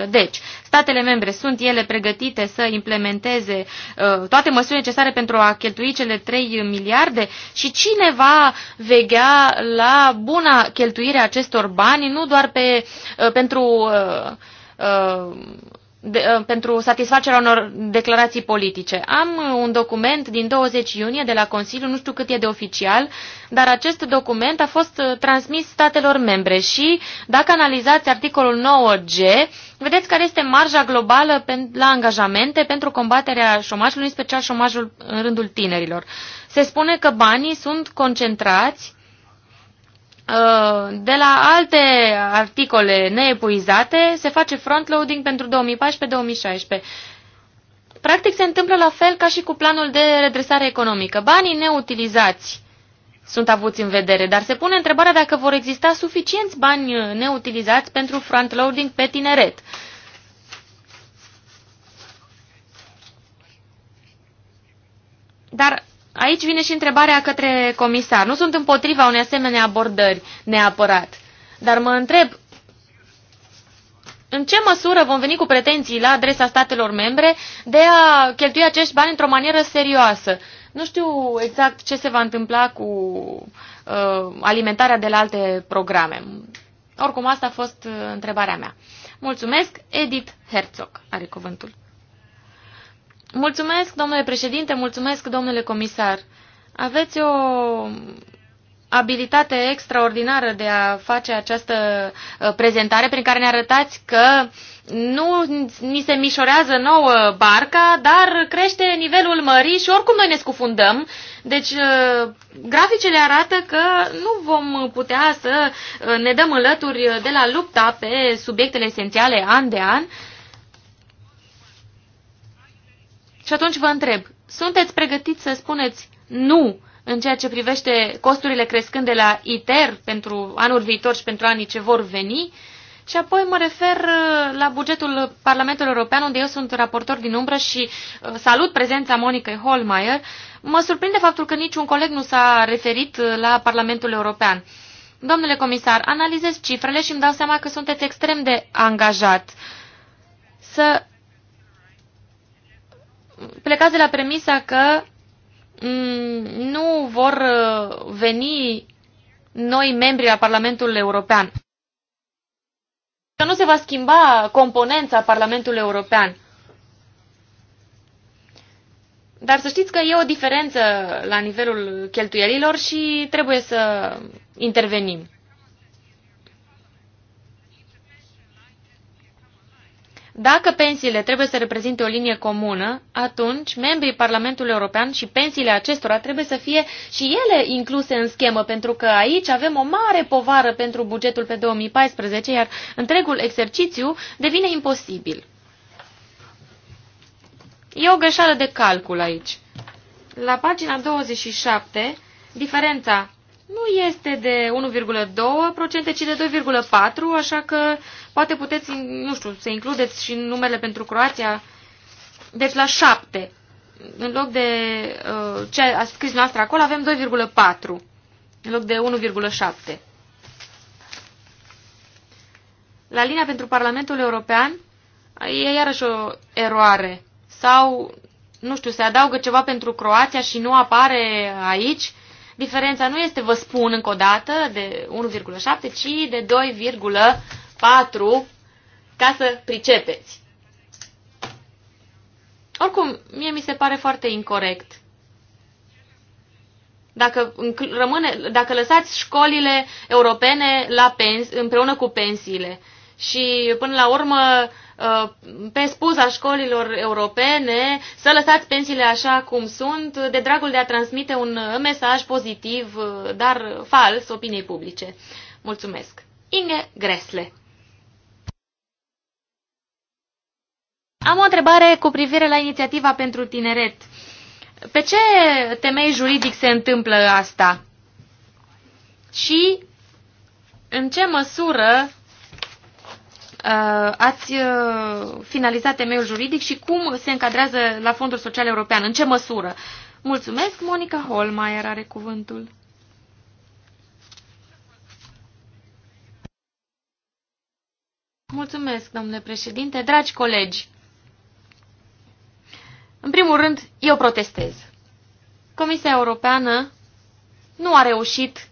25%. Deci, statele membre sunt ele pregătite să implementeze uh, toate măsurile necesare pentru a cheltui cele 3 miliarde și cine va vegea la buna cheltuire a acestor bani, nu doar pe, uh, pentru uh, uh, de, uh, pentru satisfacerea unor declarații politice. Am uh, un document din 20 iunie de la Consiliu, nu știu cât e de oficial, dar acest document a fost uh, transmis statelor membre și dacă analizați articolul 9G, vedeți care este marja globală la angajamente pentru combaterea șomajului, în special șomajul în rândul tinerilor. Se spune că banii sunt concentrați Uh, de la alte articole neepuizate se face frontloading pentru 2014-2016. Practic se întâmplă la fel ca și cu planul de redresare economică. Banii neutilizați sunt avuți în vedere, dar se pune întrebarea dacă vor exista suficienți bani neutilizați pentru frontloading pe tineret. Dar Aici vine și întrebarea către comisar. Nu sunt împotriva unei asemenea abordări neapărat, dar mă întreb în ce măsură vom veni cu pretenții la adresa statelor membre de a cheltui acești bani într-o manieră serioasă. Nu știu exact ce se va întâmpla cu uh, alimentarea de la alte programe. Oricum, asta a fost uh, întrebarea mea. Mulțumesc, Edith Herzog are cuvântul. Mulțumesc, domnule președinte, mulțumesc, domnule comisar. Aveți o abilitate extraordinară de a face această uh, prezentare prin care ne arătați că nu ni se mișorează nouă barca, dar crește nivelul mării și oricum noi ne scufundăm. Deci uh, graficele arată că nu vom putea să uh, ne dăm înlături de la lupta pe subiectele esențiale an de an, Și atunci vă întreb, sunteți pregătiți să spuneți nu în ceea ce privește costurile crescând de la ITER pentru anul viitor și pentru anii ce vor veni? Și apoi mă refer uh, la bugetul Parlamentului European, unde eu sunt raportor din umbră și uh, salut prezența Monicăi Holmeier. Mă surprinde faptul că niciun coleg nu s-a referit uh, la Parlamentul European. Domnule comisar, analizez cifrele și îmi dau seama că sunteți extrem de angajat să plecați de la premisa că mm, nu vor uh, veni noi membri la Parlamentul European. Că nu se va schimba componența Parlamentului European. Dar să știți că e o diferență la nivelul cheltuielilor și trebuie să intervenim. Dacă pensiile trebuie să reprezinte o linie comună, atunci membrii Parlamentului European și pensiile acestora trebuie să fie și ele incluse în schemă, pentru că aici avem o mare povară pentru bugetul pe 2014, iar întregul exercițiu devine imposibil. E o greșeală de calcul aici. La pagina 27, diferența nu este de 1,2%, ci de 2,4%, așa că poate puteți, nu știu, să includeți și numele pentru Croația, deci la 7. În loc de uh, ce a scris noastră acolo, avem 2,4 în loc de 1,7. La linia pentru Parlamentul European e iarăși o eroare. Sau, nu știu, se adaugă ceva pentru Croația și nu apare aici, diferența nu este, vă spun încă o dată, de 1,7, ci de 2,4 ca să pricepeți. Oricum, mie mi se pare foarte incorrect. Dacă, rămâne, dacă lăsați școlile europene la pens, împreună cu pensiile și până la urmă Uh, pe spuza școlilor europene, să lăsați pensiile așa cum sunt, de dragul de a transmite un mesaj pozitiv, uh, dar fals, opiniei publice. Mulțumesc. Inge Gresle Am o întrebare cu privire la inițiativa pentru tineret. Pe ce temei juridic se întâmplă asta? Și în ce măsură Uh, ați uh, finalizat temeiul juridic și cum se încadrează la Fondul Social European, în ce măsură. Mulțumesc, Monica Holmeier are cuvântul. Mulțumesc, domnule președinte. Dragi colegi, în primul rând, eu protestez. Comisia Europeană nu a reușit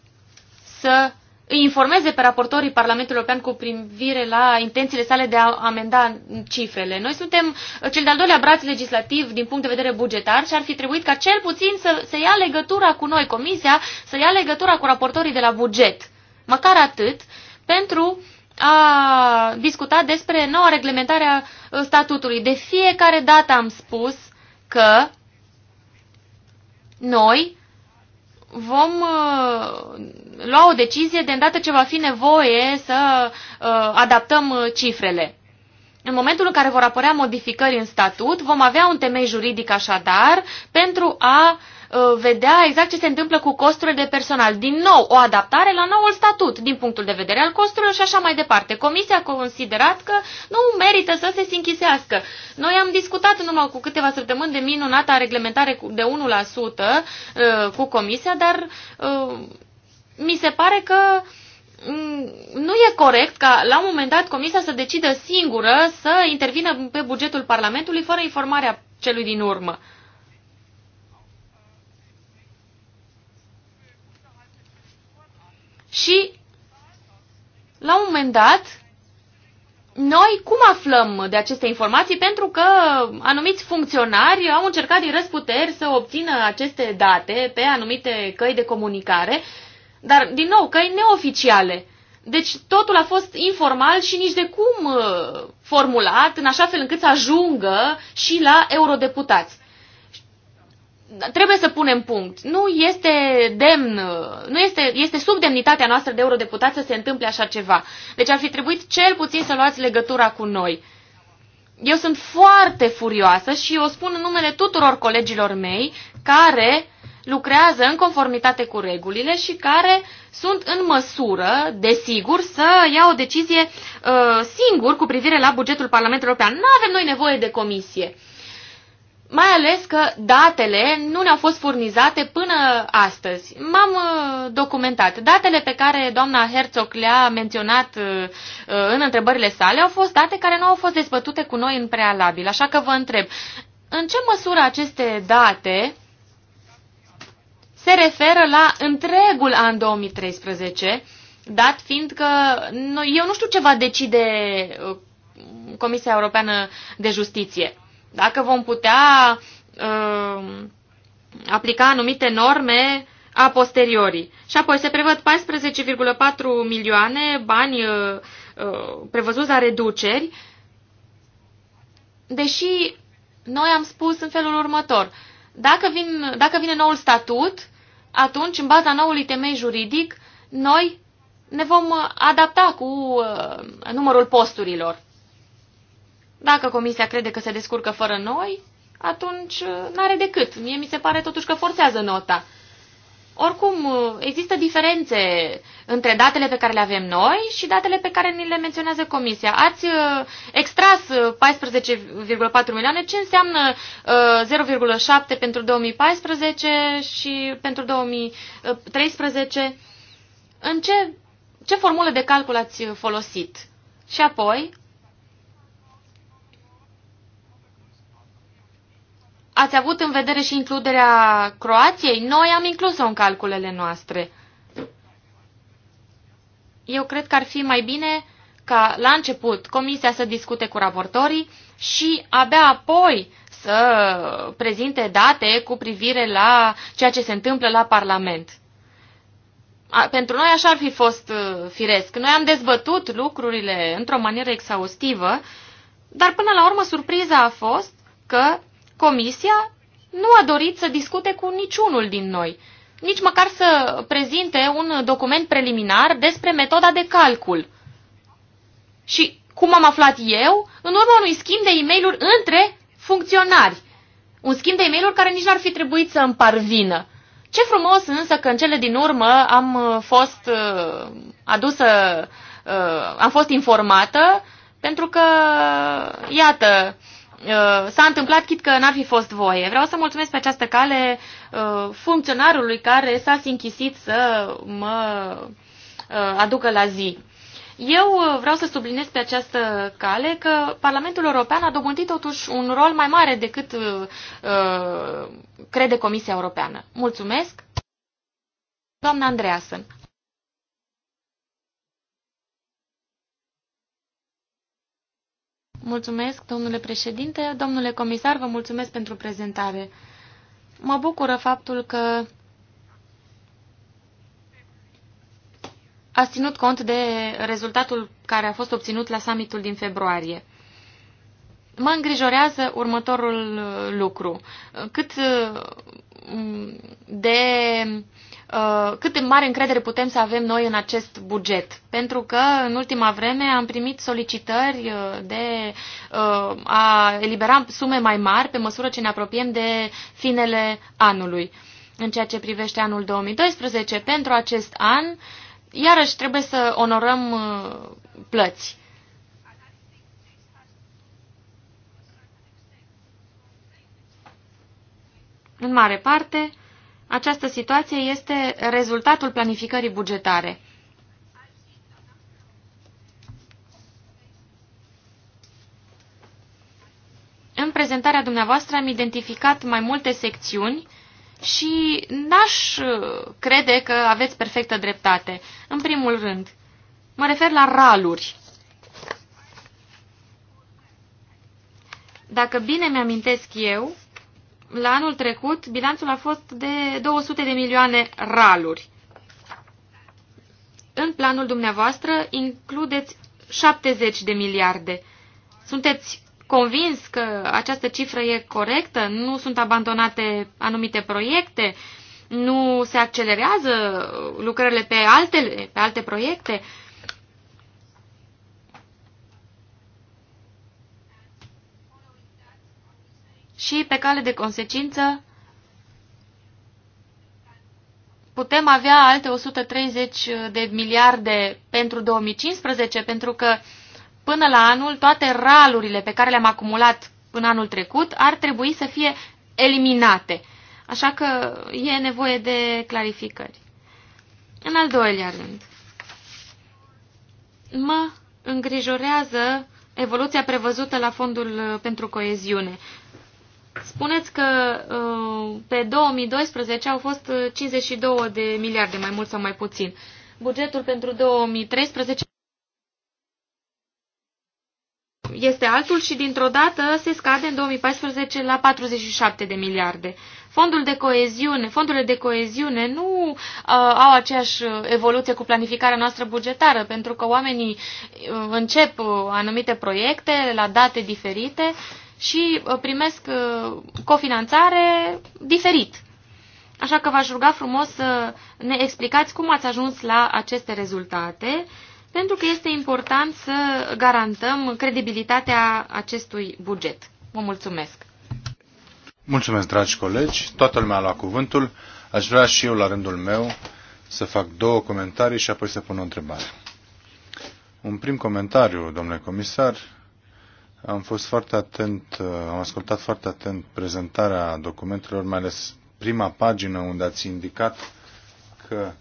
să îi informeze pe raportorii Parlamentului European cu privire la intențiile sale de a amenda cifrele. Noi suntem cel de-al doilea braț legislativ din punct de vedere bugetar și ar fi trebuit ca cel puțin să, să ia legătura cu noi, Comisia, să ia legătura cu raportorii de la buget. Măcar atât, pentru a discuta despre noua reglementare a uh, statutului. De fiecare dată am spus că noi vom uh, lua o decizie de îndată ce va fi nevoie să uh, adaptăm uh, cifrele. În momentul în care vor apărea modificări în statut, vom avea un temei juridic așadar pentru a Uh, vedea exact ce se întâmplă cu costurile de personal. Din nou, o adaptare la noul statut din punctul de vedere al costurilor și așa mai departe. Comisia a considerat că nu merită să se sinchisească. Noi am discutat în urmă cu câteva săptămâni de minunata reglementare de 1% uh, cu Comisia, dar uh, mi se pare că mm, nu e corect ca la un moment dat Comisia să decidă singură să intervină pe bugetul Parlamentului fără informarea celui din urmă. Și la un moment dat, noi cum aflăm de aceste informații? Pentru că anumiți funcționari au încercat din răzputeri să obțină aceste date pe anumite căi de comunicare, dar, din nou, căi neoficiale. Deci totul a fost informal și nici de cum uh, formulat, în așa fel încât să ajungă și la eurodeputați trebuie să punem punct. Nu este demn, nu este, este sub demnitatea noastră de eurodeputat să se întâmple așa ceva. Deci ar fi trebuit cel puțin să luați legătura cu noi. Eu sunt foarte furioasă și o spun în numele tuturor colegilor mei care lucrează în conformitate cu regulile și care sunt în măsură, desigur, să ia o decizie uh, singur cu privire la bugetul Parlamentului European. Nu avem noi nevoie de comisie. Uh, mai ales că datele nu ne-au fost furnizate până astăzi. M-am uh, documentat. Datele pe care doamna Herzog le-a menționat uh, uh, în întrebările sale au fost date care nu au fost dezbătute cu noi în prealabil. Așa că vă întreb, în ce măsură aceste date se referă la întregul an 2013, dat fiind că eu nu știu ce va decide Comisia Europeană de Justiție dacă vom putea uh, aplica anumite norme a posteriori. Și apoi se prevăd 14,4 milioane bani uh, uh, prevăzuți la reduceri, deși noi am spus în felul următor. Dacă, vin, dacă vine noul statut, atunci, în baza noului temei juridic, noi ne vom adapta cu uh, numărul posturilor. Dacă comisia crede că se descurcă fără noi, atunci uh, n-are decât. Mie mi se pare totuși că forțează nota. Oricum, uh, există diferențe între datele pe care le avem noi și datele pe care ni le menționează Comisia. Ați uh, extras 14,4 milioane, ce înseamnă 0,7 pentru 2014 și pentru 2013? În ce, ce formulă de calcul ați folosit? Și apoi, Ați avut în vedere și includerea Croației? Noi am inclus-o în calculele noastre. Eu cred că ar fi mai bine ca la început comisia să discute cu raportorii și abia apoi să prezinte date cu privire la ceea ce se întâmplă la Parlament. A, pentru noi așa ar fi fost uh, firesc. Noi am dezbătut lucrurile într-o manieră exhaustivă, dar până la urmă surpriza a fost că Comisia nu a dorit să discute cu niciunul din noi, nici măcar să prezinte un document preliminar despre metoda de calcul. Și cum am aflat eu, în urma unui schimb de e între funcționari. Un schimb de e care nici n-ar fi trebuit să împarvină. parvină. Ce frumos însă că în cele din urmă am uh, fost uh, adusă, uh, am fost informată, pentru că, iată, Uh, s-a întâmplat chit că n-ar fi fost voie. Vreau să mulțumesc pe această cale uh, funcționarului care s-a sinchisit să mă uh, aducă la zi. Eu vreau să subliniez pe această cale că Parlamentul European a dobândit totuși un rol mai mare decât uh, crede Comisia Europeană. Mulțumesc! Doamna Andreasen. Mulțumesc, domnule președinte. Domnule comisar, vă mulțumesc pentru prezentare. Mă bucură faptul că ați ținut cont de rezultatul care a fost obținut la summitul din februarie. Mă îngrijorează următorul lucru. Cât de Uh, cât de mare încredere putem să avem noi în acest buget. Pentru că în ultima vreme am primit solicitări uh, de uh, a elibera sume mai mari pe măsură ce ne apropiem de finele anului. În ceea ce privește anul 2012, pentru acest an, iarăși trebuie să onorăm plăți. În mare parte, această situație este rezultatul planificării bugetare. În prezentarea dumneavoastră am identificat mai multe secțiuni și n-aș crede că aveți perfectă dreptate. În primul rând, mă refer la raluri. Dacă bine mi-amintesc eu, la anul trecut, bilanțul a fost de 200 de milioane raluri. În planul dumneavoastră includeți 70 de miliarde. Sunteți convins că această cifră e corectă? Nu sunt abandonate anumite proiecte? Nu se accelerează lucrările pe, alte, pe alte proiecte? și, pe cale de consecință, putem avea alte 130 de miliarde pentru 2015, pentru că până la anul toate ralurile pe care le-am acumulat până anul trecut ar trebui să fie eliminate. Așa că e nevoie de clarificări. În al doilea rând, mă îngrijorează evoluția prevăzută la fondul pentru coeziune. Spuneți că uh, pe 2012 au fost 52 uh, de miliarde, mai mult sau mai puțin. Bugetul pentru 2013 este altul și dintr-o dată se scade în 2014 la 47 de miliarde. Fondul de coeziune, fondurile de coeziune nu uh, au aceeași uh, evoluție cu planificarea noastră bugetară, pentru că oamenii uh, încep uh, anumite proiecte la date diferite și uh, primesc uh, cofinanțare diferit. Așa că v-aș ruga frumos să ne explicați cum ați ajuns la aceste rezultate, pentru că este important să garantăm credibilitatea acestui buget. Vă mulțumesc! Mulțumesc, dragi colegi! Toată lumea a luat cuvântul. Aș vrea și eu, la rândul meu, să fac două comentarii și apoi să pun o întrebare. Un prim comentariu, domnule comisar, am fost foarte atent, uh, am ascultat foarte atent prezentarea documentelor, mai ales prima pagină unde ați indicat că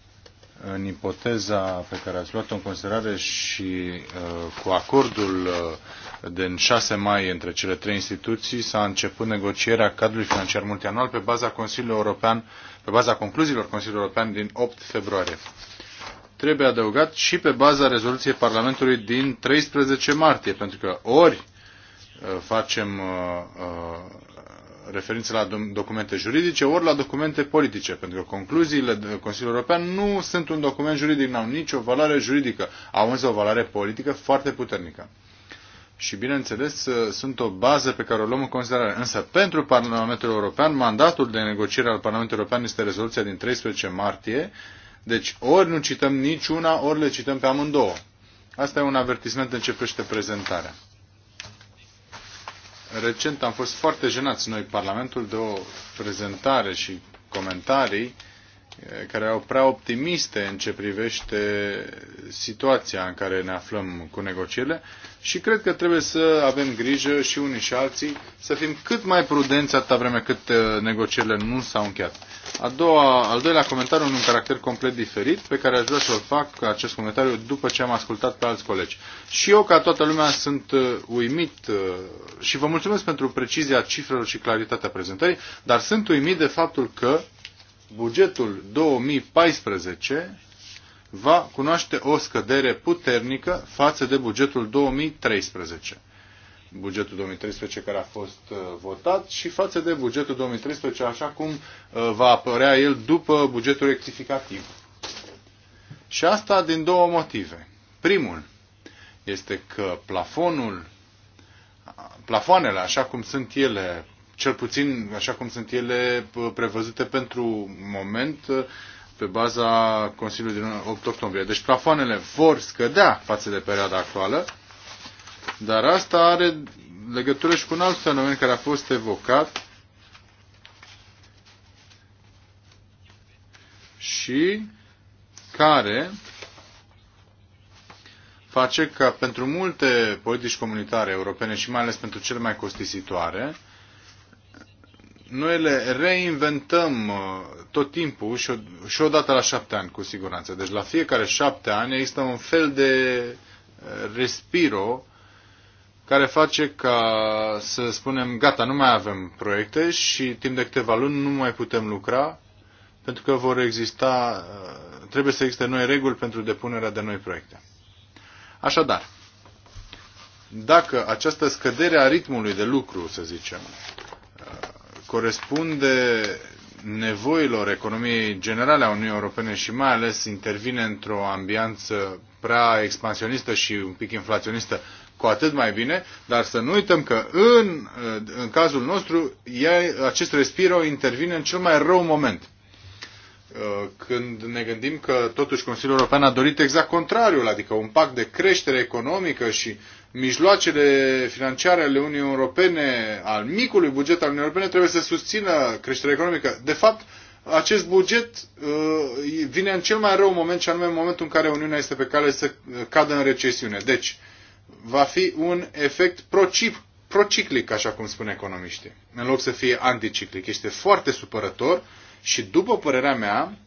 în ipoteza pe care ați luat-o în considerare și uh, cu acordul uh, din 6 mai între cele trei instituții s-a început negocierea cadrului financiar multianual pe baza Consiliului European, pe baza concluziilor Consiliului European din 8 februarie. Trebuie adăugat și pe baza rezoluției Parlamentului din 13 martie, pentru că ori Uh, facem uh, uh, referință la documente juridice, ori la documente politice, pentru că concluziile Consiliului European nu sunt un document juridic, n-au nicio valoare juridică, au însă o valoare politică foarte puternică. Și, bineînțeles, sunt o bază pe care o luăm în considerare. Însă, pentru Parlamentul European, mandatul de negociere al Parlamentului European este rezoluția din 13 martie, deci ori nu cităm niciuna, ori le cităm pe amândouă. Asta e un avertisment în ce prezentarea. Recent am fost foarte jenați noi, Parlamentul, de o prezentare și comentarii care erau prea optimiste în ce privește situația în care ne aflăm cu negocierile și cred că trebuie să avem grijă și unii și alții să fim cât mai prudenți atâta vreme cât uh, negocierile nu s-au încheiat. A doua, al doilea comentariu un caracter complet diferit pe care aș vrea să-l fac acest comentariu după ce am ascultat pe alți colegi. Și eu, ca toată lumea, sunt uh, uimit uh, și vă mulțumesc pentru precizia cifrelor și claritatea prezentării, dar sunt uimit de faptul că bugetul 2014 va cunoaște o scădere puternică față de bugetul 2013. Bugetul 2013 care a fost uh, votat și față de bugetul 2013 așa cum uh, va apărea el după bugetul rectificativ. Și asta din două motive. Primul este că plafonul, plafoanele așa cum sunt ele cel puțin așa cum sunt ele prevăzute pentru moment, uh, pe baza Consiliului din 8 octombrie. Deci plafoanele vor scădea față de perioada actuală, dar asta are legătură și cu un alt fenomen care a fost evocat și care face ca pentru multe politici comunitare europene și mai ales pentru cele mai costisitoare, noi le reinventăm uh, tot timpul și, o, și odată la șapte ani, cu siguranță. Deci la fiecare șapte ani există un fel de uh, respiro care face ca să spunem, gata, nu mai avem proiecte și timp de câteva luni nu mai putem lucra pentru că vor exista, uh, trebuie să existe noi reguli pentru depunerea de noi proiecte. Așadar, dacă această scădere a ritmului de lucru, să zicem, corespunde nevoilor economiei generale a Uniunii Europene și mai ales intervine într-o ambianță prea expansionistă și un pic inflaționistă, cu atât mai bine, dar să nu uităm că în, în cazul nostru ea, acest respiro intervine în cel mai rău moment. Uh, când ne gândim că totuși Consiliul European a dorit exact contrariul, adică un pact de creștere economică și uh, mijloacele financiare ale Uniunii Europene, al micului buget al Uniunii Europene, trebuie să susțină creșterea economică. De fapt, acest buget uh, vine în cel mai rău moment, și anume în momentul în care Uniunea este pe cale să uh, cadă în recesiune. Deci, va fi un efect procip, prociclic, așa cum spun economiștii, în loc să fie anticiclic. Este foarte supărător și, după părerea mea,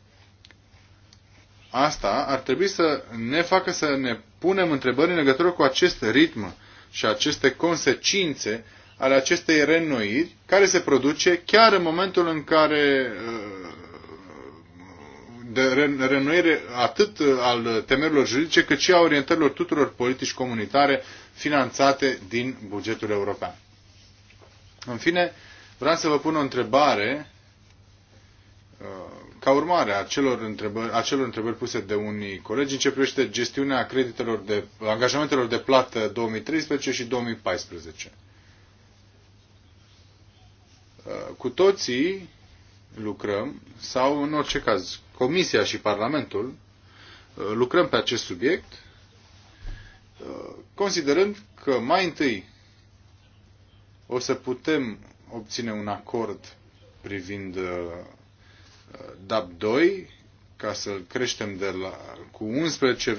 asta ar trebui să ne facă să ne punem întrebări în legătură cu acest ritm și aceste consecințe ale acestei reînnoiri care se produce chiar în momentul în care uh, de reînnoire atât al temerilor juridice cât și a orientărilor tuturor politici comunitare finanțate din bugetul european. În fine, vreau să vă pun o întrebare ca urmare a celor întrebări, a celor întrebări puse de unii colegi în ce privește gestiunea creditelor de, angajamentelor de plată 2013 și 2014. Uh, cu toții lucrăm, sau în orice caz, Comisia și Parlamentul uh, lucrăm pe acest subiect, uh, considerând că mai întâi o să putem obține un acord privind DAP2 ca să-l creștem de la, cu 11,2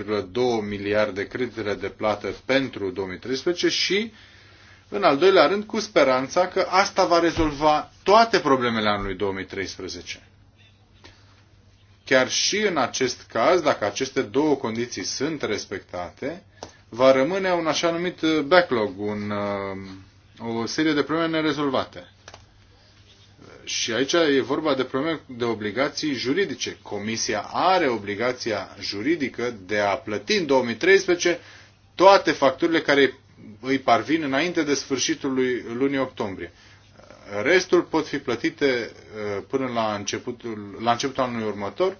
miliarde creditele de plată pentru 2013 și, în al doilea rând, cu speranța că asta va rezolva toate problemele anului 2013. Chiar și în acest caz, dacă aceste două condiții sunt respectate, va rămâne un așa numit backlog, un, uh, o serie de probleme nerezolvate și aici e vorba de probleme de obligații juridice. Comisia are obligația juridică de a plăti în 2013 toate facturile care îi parvin înainte de sfârșitul lui, lunii octombrie. Restul pot fi plătite uh, până la începutul, la începutul anului următor.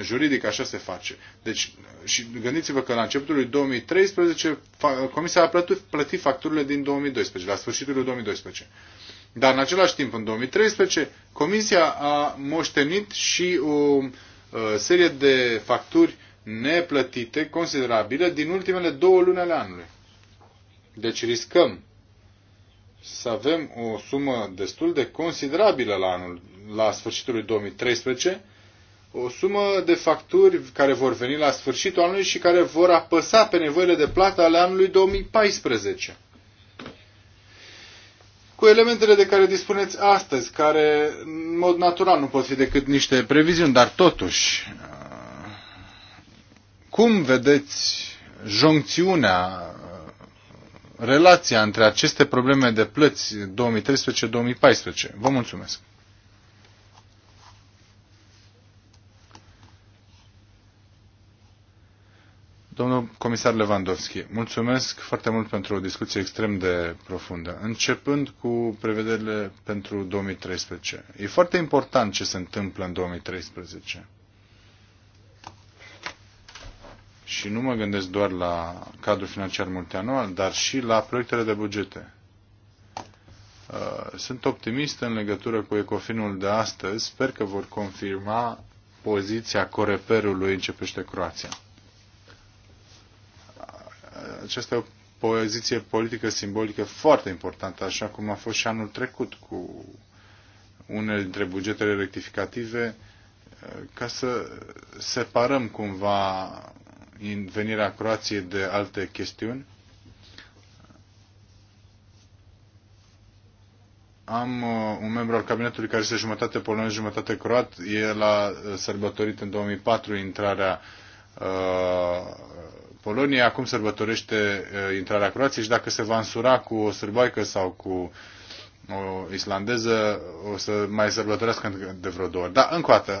Juridic așa se face. Deci, uh, și gândiți-vă că la începutul lui 2013 uh, Comisia a plătit, plătit facturile din 2012, la sfârșitul lui 2012. Dar în același timp, în 2013, Comisia a moștenit și o uh, serie de facturi neplătite, considerabile, din ultimele două luni ale anului. Deci riscăm să avem o sumă destul de considerabilă la anul, la sfârșitul lui 2013, o sumă de facturi care vor veni la sfârșitul anului și care vor apăsa pe nevoile de plată ale anului 2014 cu elementele de care dispuneți astăzi, care în mod natural nu pot fi decât niște previziuni, dar totuși, uh, cum vedeți joncțiunea, uh, relația între aceste probleme de plăți 2013-2014? Vă mulțumesc! Domnul comisar Lewandowski, mulțumesc foarte mult pentru o discuție extrem de profundă, începând cu prevederile pentru 2013. E foarte important ce se întâmplă în 2013. Și nu mă gândesc doar la cadrul financiar multianual, dar și la proiectele de bugete. Uh, sunt optimist în legătură cu ecofinul de astăzi. Sper că vor confirma poziția coreperului începește Croația această o poziție politică simbolică foarte importantă, așa cum a fost și anul trecut cu unele dintre bugetele rectificative, eh, ca să separăm cumva venirea Croației de alte chestiuni. Am eh, un membru al cabinetului care este jumătate polonez, jumătate croat. El a eh, sărbătorit în 2004 intrarea Polonia acum sărbătorește uh, intrarea Croației și dacă se va însura cu o sârboaică sau cu o islandeză, o să mai sărbătorească de vreo două ori. Dar încă o dată,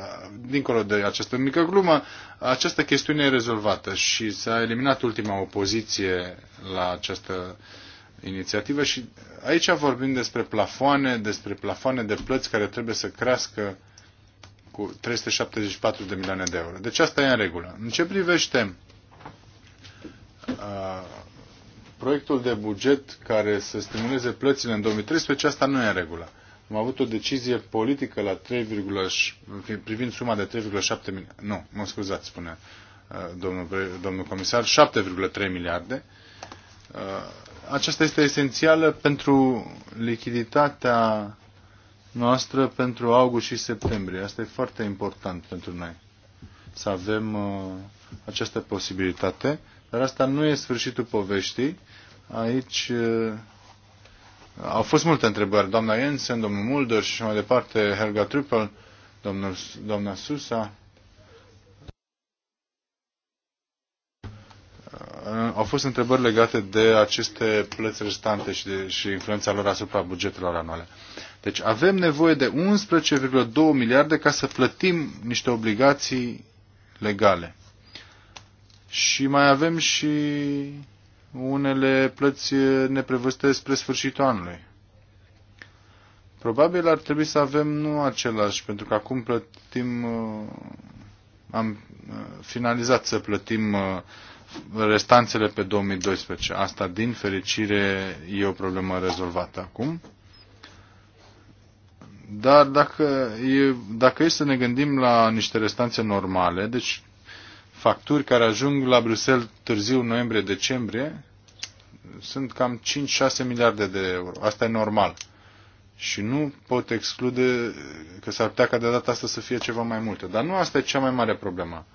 dincolo de această mică glumă, această chestiune e rezolvată și s-a eliminat ultima opoziție la această inițiativă și aici vorbim despre plafoane, despre plafoane de plăți care trebuie să crească cu 374 de milioane de euro. Deci asta e în regulă. În ce privește proiectul de buget care să stimuleze plățile în 2013, asta nu e în regulă. Am avut o decizie politică la 3, privind suma de 3,7 miliarde, nu, mă scuzați, spune domnul, domnul comisar, 7,3 miliarde. Aceasta este esențială pentru lichiditatea noastră pentru august și septembrie. Asta e foarte important pentru noi. Să avem această posibilitate dar asta nu e sfârșitul poveștii. Aici au fost multe întrebări. Doamna Jensen, domnul Mulder și mai departe Helga Trüppel, domnul, doamna Susa. Au fost întrebări legate de aceste plăți restante și, de, și influența lor asupra bugetelor anuale. Deci avem nevoie de 11,2 miliarde ca să plătim niște obligații legale. Și mai avem și unele plăți neprevăzute spre sfârșitul anului. Probabil ar trebui să avem nu același, pentru că acum plătim, uh, am uh, finalizat să plătim uh, restanțele pe 2012. Asta, din fericire, e o problemă rezolvată acum. Dar dacă e, dacă e să ne gândim la niște restanțe normale, deci facturi care ajung la Bruxelles târziu, noiembrie-decembrie, sunt cam 5-6 miliarde de euro. Asta e normal. Și nu pot exclude că s-ar putea ca de data asta să fie ceva mai multe. Dar nu asta e cea mai mare problemă.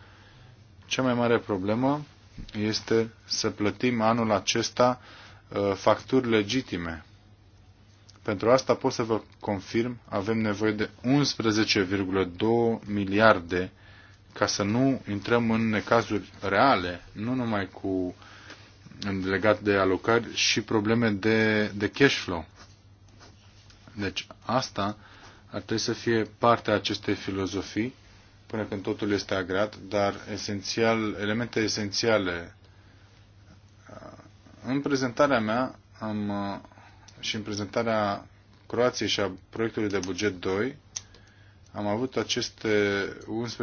Cea mai mare problemă este să plătim anul acesta uh, facturi legitime. Pentru asta pot să vă confirm, avem nevoie de 11,2 miliarde ca să nu intrăm în cazuri reale, nu numai cu legat de alocări și probleme de, de cash flow. Deci asta ar trebui să fie partea acestei filozofii până când totul este agreat, dar esențial, elemente esențiale. În prezentarea mea am, și în prezentarea Croației și a proiectului de buget 2 am avut aceste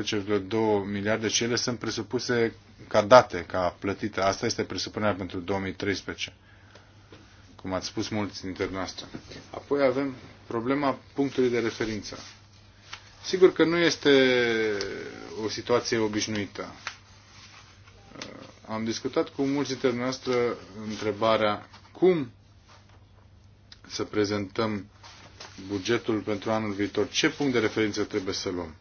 11,2 miliarde și ele sunt presupuse ca date, ca plătite. Asta este presupunerea pentru 2013, cum ați spus mulți dintre noastre. Apoi avem problema punctului de referință. Sigur că nu este o situație obișnuită. Am discutat cu mulți dintre noastre întrebarea cum să prezentăm bugetul pentru anul viitor, ce punct de referință trebuie să luăm?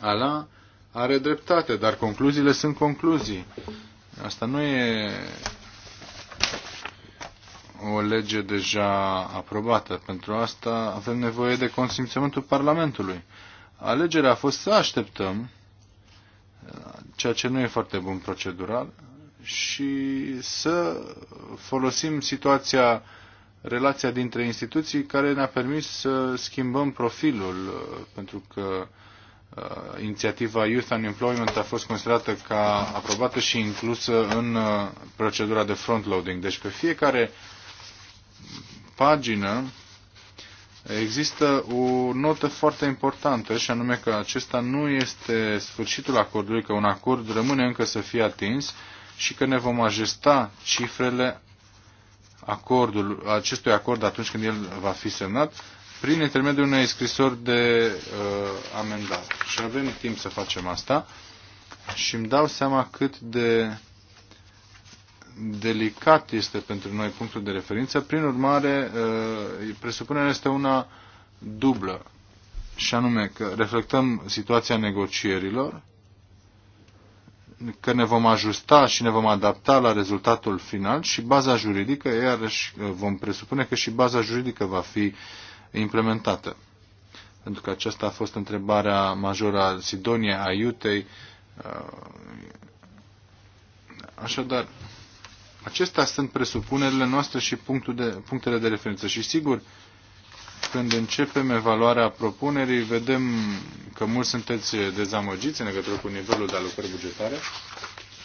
Ala are dreptate, dar concluziile sunt concluzii. Asta nu e o lege deja aprobată. Pentru asta avem nevoie de consimțământul Parlamentului. Alegerea a fost să așteptăm, ceea ce nu e foarte bun procedural, și să folosim situația relația dintre instituții care ne-a permis să schimbăm profilul, uh, pentru că uh, inițiativa Youth Unemployment a fost considerată ca aprobată și inclusă în uh, procedura de frontloading. Deci pe fiecare pagină există o notă foarte importantă și anume că acesta nu este sfârșitul acordului, că un acord rămâne încă să fie atins și că ne vom ajusta cifrele acordul, acestui acord atunci când el va fi semnat prin intermediul unei scrisori de uh, amendare. Și avem timp să facem asta și îmi dau seama cât de delicat este pentru noi punctul de referință. Prin urmare, uh, presupunerea este una dublă, și anume că reflectăm situația negocierilor că ne vom ajusta și ne vom adapta la rezultatul final și baza juridică, iarăși uh, vom presupune că și baza juridică va fi implementată. Pentru că aceasta a fost întrebarea majoră a Sidoniei, a Iutei. Uh, așadar, acestea sunt presupunerile noastre și punctul de, punctele de referință. Și sigur, când începem evaluarea propunerii, vedem că mulți sunteți dezamăgiți în legătură cu nivelul de alocări bugetare.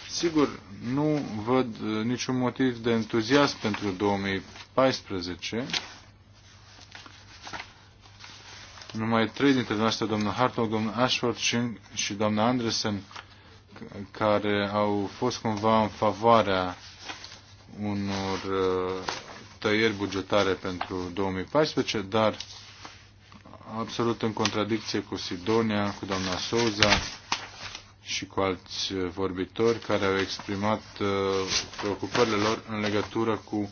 Sigur, nu văd niciun motiv de entuziasm pentru 2014. Numai trei dintre dumneavoastră, domnul Hartog, domnul Ashford și, și doamna Andresen, care au fost cumva în favoarea unor uh, tăieri bugetare pentru 2014, dar absolut în contradicție cu Sidonia, cu doamna Souza și cu alți uh, vorbitori care au exprimat uh, preocupările lor în legătură cu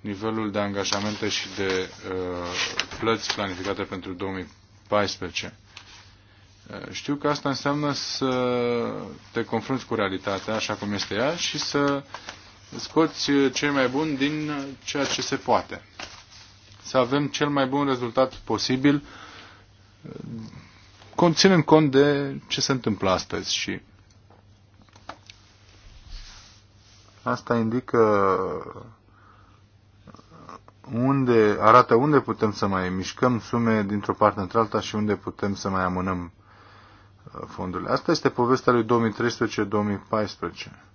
nivelul de angajamente și de uh, plăți planificate pentru 2014. Știu că asta înseamnă să te confrunți cu realitatea așa cum este ea și să scoți uh, cei mai buni din uh, ceea ce se poate. Să avem cel mai bun rezultat posibil, uh, conținând cont de ce se întâmplă astăzi și asta indică unde, arată unde putem să mai mișcăm sume dintr-o parte într-alta și unde putem să mai amânăm fondurile. Asta este povestea lui 2013-2014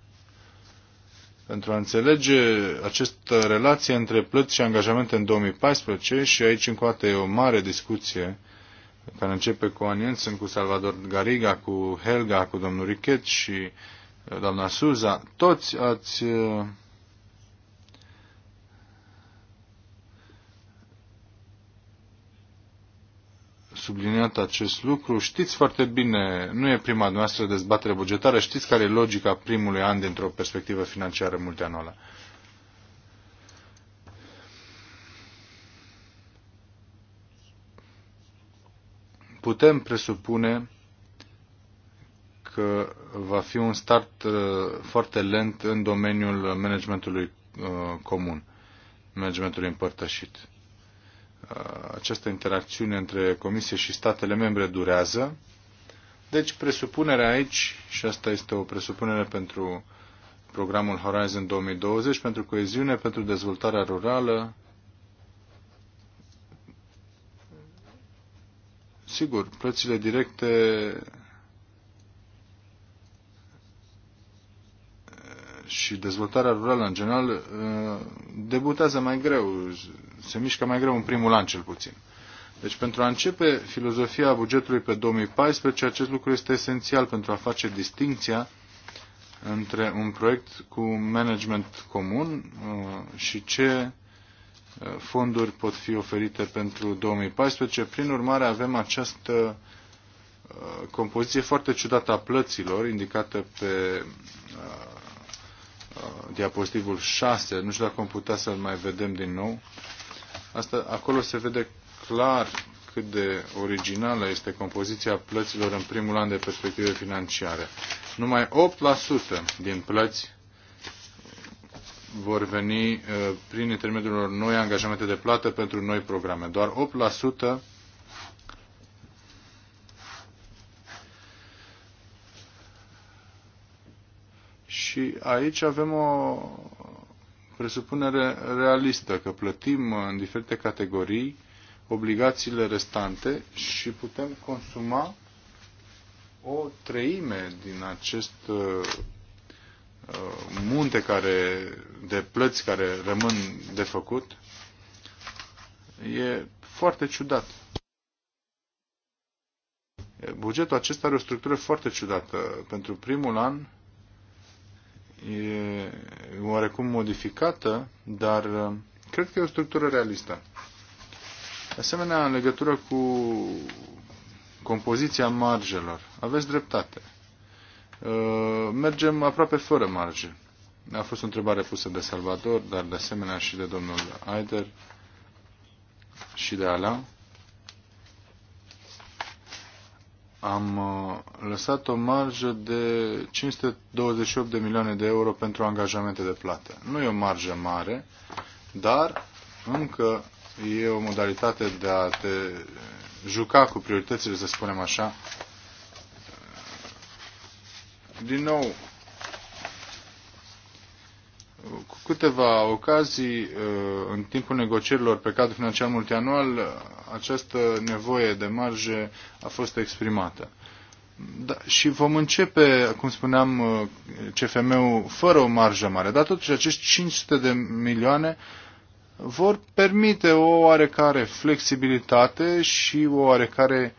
pentru a înțelege această relație între plăți și angajamente în 2014 și aici încă o dată e o mare discuție care începe cu Aniensen, cu Salvador Gariga, cu Helga, cu domnul Richet și eh, doamna Suza. Toți ați eh, subliniat acest lucru. Știți foarte bine, nu e prima noastră dezbatere bugetară, știți care e logica primului an dintr-o perspectivă financiară multianuală. Putem presupune că va fi un start uh, foarte lent în domeniul managementului uh, comun, managementului împărtășit această interacțiune între Comisie și statele membre durează. Deci presupunerea aici, și asta este o presupunere pentru programul Horizon 2020, pentru coeziune, pentru dezvoltarea rurală, sigur, plățile directe și dezvoltarea rurală în general uh, debutează mai greu, se mișcă mai greu în primul an cel puțin. Deci pentru a începe filozofia bugetului pe 2014, acest lucru este esențial pentru a face distinția între un proiect cu management comun uh, și ce uh, fonduri pot fi oferite pentru 2014. Prin urmare, avem această uh, compoziție foarte ciudată a plăților, indicată pe diapozitivul 6. Nu știu dacă am putea să-l mai vedem din nou. Asta, acolo se vede clar cât de originală este compoziția plăților în primul an de perspective financiare. Numai 8% din plăți vor veni uh, prin intermediul unor noi angajamente de plată pentru noi programe. Doar 8% Și aici avem o presupunere realistă că plătim în diferite categorii obligațiile restante și putem consuma o treime din acest uh, uh, munte care, de plăți care rămân de făcut, e foarte ciudat. Bugetul acesta are o structură foarte ciudată. Pentru primul an e oarecum modificată, dar uh, cred că e o structură realistă. De asemenea, în legătură cu compoziția marjelor, aveți dreptate. Uh, mergem aproape fără marge. A fost o întrebare pusă de Salvador, dar de asemenea și de domnul Aider și de Alain. am uh, lăsat o marjă de 528 de milioane de euro pentru angajamente de plată. Nu e o marjă mare, dar încă e o modalitate de a te eh, juca cu prioritățile, să spunem așa. Din nou, cu câteva ocazii, uh, în timpul negocierilor pe cadrul financiar multianual, uh, această nevoie de marge a fost exprimată. Da, și vom începe, cum spuneam, uh, CFM-ul fără o marjă mare, dar totuși acești 500 de milioane vor permite o oarecare flexibilitate și o oarecare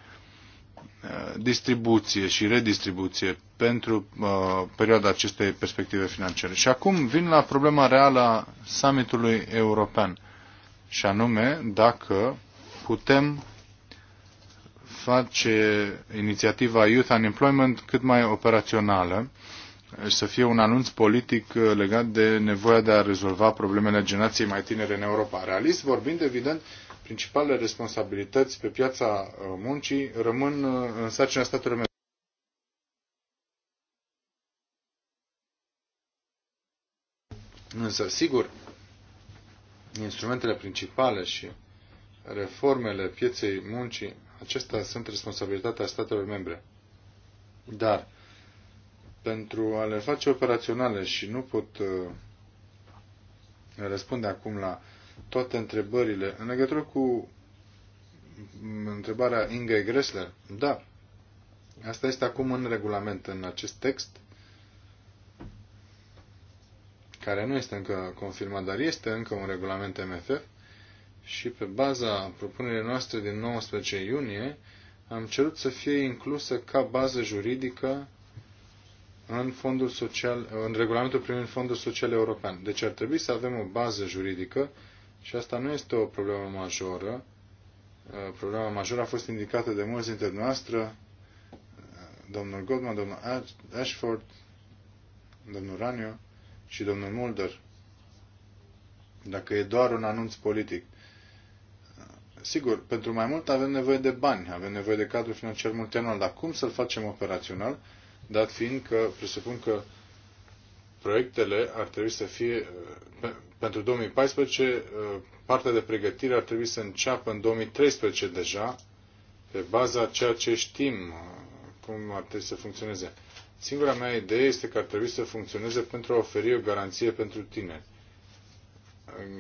Uh, distribuție și redistribuție pentru uh, perioada acestei perspective financiare. Și acum vin la problema reală a summitului european, și anume dacă putem face inițiativa Youth Unemployment cât mai operațională și să fie un anunț politic uh, legat de nevoia de a rezolva problemele generației mai tinere în Europa. Realist vorbind, evident, uh, principalele responsabilități pe piața uh, muncii rămân uh, în sarcina statelor membre. Însă, sigur, instrumentele principale și reformele pieței muncii, acestea sunt responsabilitatea statelor membre. Dar, pentru a le face operaționale și nu pot uh, răspunde acum la toate întrebările. În legătură cu întrebarea Inge Gressler, da, asta este acum în regulament, în acest text, care nu este încă confirmat, dar este încă un regulament MFF și pe baza propunerii noastre din 19 iunie am cerut să fie inclusă ca bază juridică în, fondul social, în regulamentul privind fondul social european. Deci ar trebui să avem o bază juridică și asta nu este o problemă majoră. Uh, problema majoră a fost indicată de mulți dintre noastră, uh, domnul Goldman, domnul Ashford, domnul Ranio și domnul Mulder. Dacă e doar un anunț politic. Uh, sigur, pentru mai mult avem nevoie de bani, avem nevoie de cadru financiar multianual, dar cum să-l facem operațional, dat fiind că presupun că proiectele ar trebui să fie pentru 2014, uh, partea de pregătire ar trebui să înceapă în 2013 deja, pe baza ceea ce știm uh, cum ar trebui să funcționeze. Singura mea idee este că ar trebui să funcționeze pentru a oferi o garanție pentru tineri.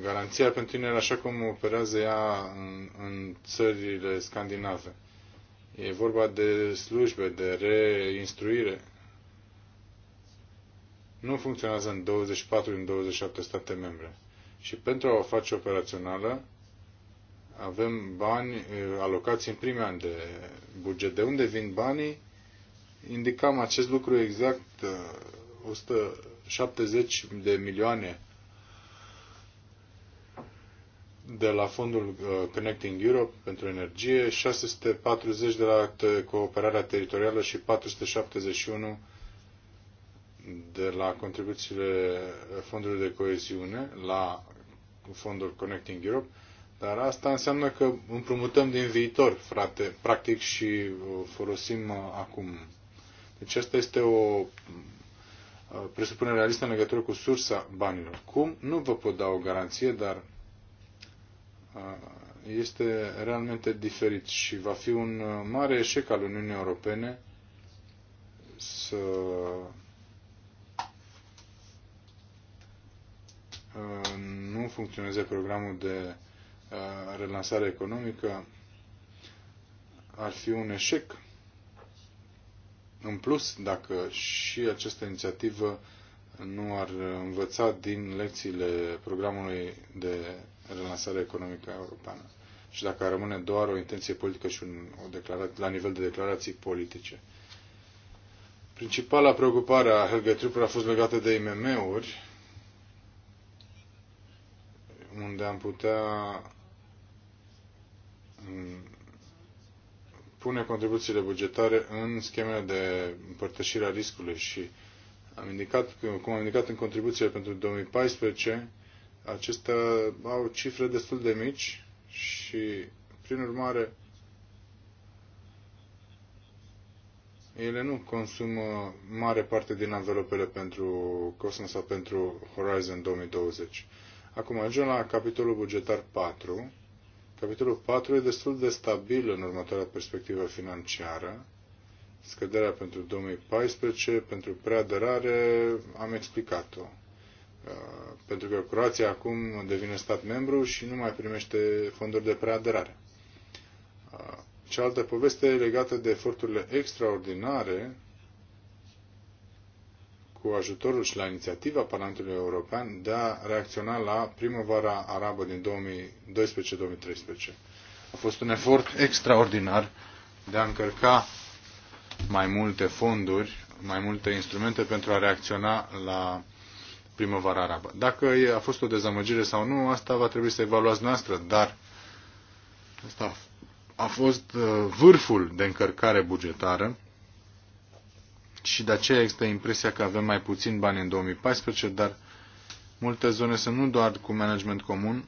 Garanția pentru tineri așa cum operează ea în, în țările scandinave. E vorba de slujbe, de reinstruire nu funcționează în 24 din 27 state membre. Și pentru a o face operațională, avem bani alocați în primii ani de buget. De unde vin banii? Indicam acest lucru exact 170 de milioane de la fondul Connecting Europe pentru energie, 640 de la cooperarea teritorială și 471 de la contribuțiile fondului de coeziune la fondul Connecting Europe, dar asta înseamnă că împrumutăm din viitor, frate, practic, și uh, folosim uh, acum. Deci asta este o uh, presupunere realistă în legătură cu sursa banilor. Cum? Nu vă pot da o garanție, dar este realmente diferit și va fi un mare eșec al Uniunii Europene să Uh, nu funcționeze programul de uh, relansare economică, ar fi un eșec. În plus, dacă și această inițiativă nu ar învăța din lecțiile programului de relansare economică europeană și dacă ar rămâne doar o intenție politică și un, o declarație, la nivel de declarații politice. Principala preocupare a Helge Trupper a fost legată de IMM-uri unde am putea mm, pune contribuțiile bugetare în schemele de împărtășire a riscului și am indicat, cum am indicat în contribuțiile pentru 2014, acestea au cifre destul de mici și, prin urmare, ele nu consumă mare parte din anvelopele pentru Cosmos sau pentru Horizon 2020. Acum ajung la capitolul bugetar 4. Capitolul 4 e destul de stabil în următoarea perspectivă financiară. Scăderea pentru 2014, pentru preaderare, am explicat-o. Uh, pentru că Croația acum devine stat membru și nu mai primește fonduri de preaderare. Uh, cealaltă poveste e legată de eforturile extraordinare cu ajutorul și la inițiativa Parlamentului European de a reacționa la primăvara arabă din 2012-2013. A fost un efort extraordinar de a încărca mai multe fonduri, mai multe instrumente pentru a reacționa la primăvara arabă. Dacă a fost o dezamăgire sau nu, asta va trebui să evaluați noastră, dar asta a fost uh, vârful de încărcare bugetară și de aceea există impresia că avem mai puțin bani în 2014, dar multe zone sunt nu doar cu management comun,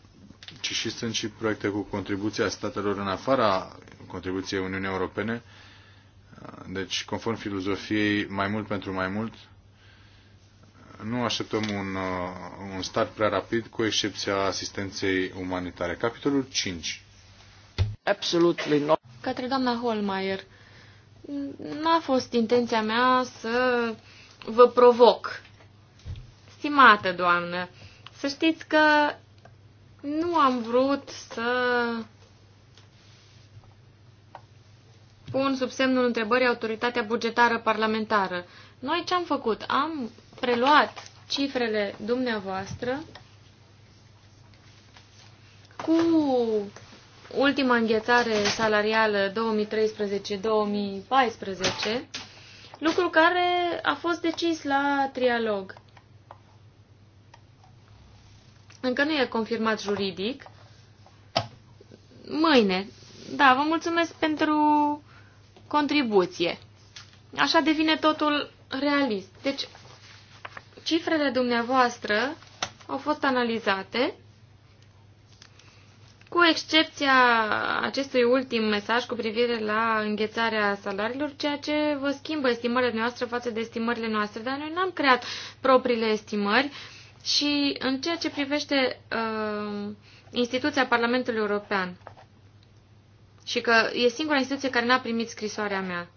ci și sunt și proiecte cu contribuția statelor în afara contribuției Uniunii Europene. Deci, conform filozofiei, mai mult pentru mai mult, nu așteptăm un, uh, un start prea rapid, cu excepția asistenței umanitare. Capitolul 5. Absolutely not. Către doamna Holmeier. N-a fost intenția mea să vă provoc. Stimată doamnă, să știți că nu am vrut să pun sub semnul întrebării autoritatea bugetară parlamentară. Noi ce am făcut? Am preluat cifrele dumneavoastră cu ultima înghețare salarială 2013-2014, lucru care a fost decis la trialog. Încă nu e confirmat juridic. Mâine. Da, vă mulțumesc pentru contribuție. Așa devine totul realist. Deci, cifrele dumneavoastră au fost analizate cu excepția acestui ultim mesaj cu privire la înghețarea salariilor, ceea ce vă schimbă estimările noastre față de estimările noastre, dar noi n-am creat propriile estimări și în ceea ce privește uh, instituția Parlamentului European și că e singura instituție care n-a primit scrisoarea mea.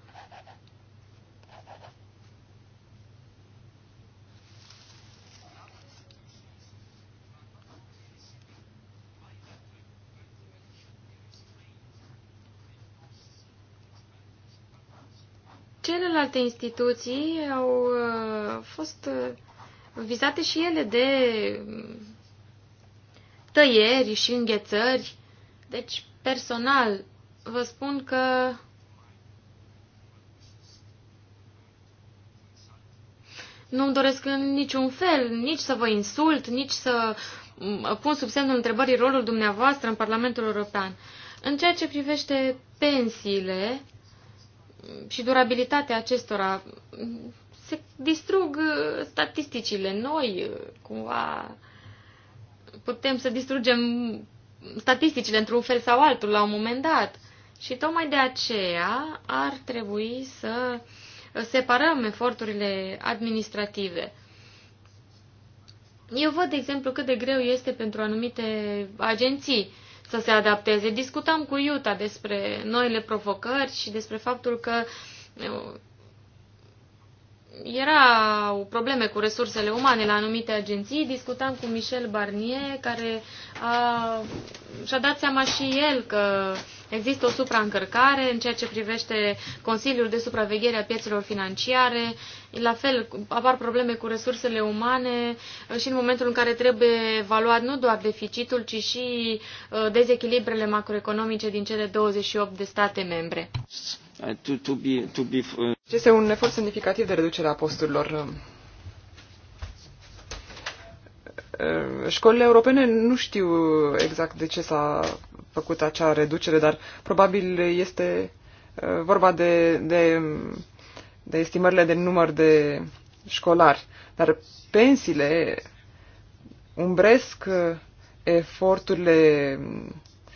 Celelalte instituții au uh, fost uh, vizate și ele de mm, tăieri și înghețări. Deci, personal, vă spun că nu-mi doresc în niciun fel nici să vă insult, nici să mm, pun sub semnul întrebării rolul dumneavoastră în Parlamentul European. În ceea ce privește pensiile, și durabilitatea acestora. Se distrug uh, statisticile. Noi, uh, cumva, putem să distrugem statisticile într-un fel sau altul la un moment dat. Și tocmai de aceea ar trebui să separăm eforturile administrative. Eu văd, de exemplu, cât de greu este pentru anumite agenții uh, să se adapteze. Discutam cu Iuta despre noile provocări și despre faptul că uh, erau probleme cu resursele umane la anumite agenții. Discutam cu Michel Barnier, care a, și-a dat seama și el că uh, Există o supraîncărcare în ceea ce privește Consiliul de Supraveghere a Piețelor Financiare. La fel, apar probleme cu resursele umane și în momentul în care trebuie evaluat nu doar deficitul, ci și uh, dezechilibrele macroeconomice din cele 28 de state membre. Uh, uh, deci este un efort semnificativ de reducere a posturilor școlile europene nu știu exact de ce s-a făcut acea reducere, dar probabil este uh, vorba de, de, de estimările de număr de școlari. Dar pensiile umbresc uh, eforturile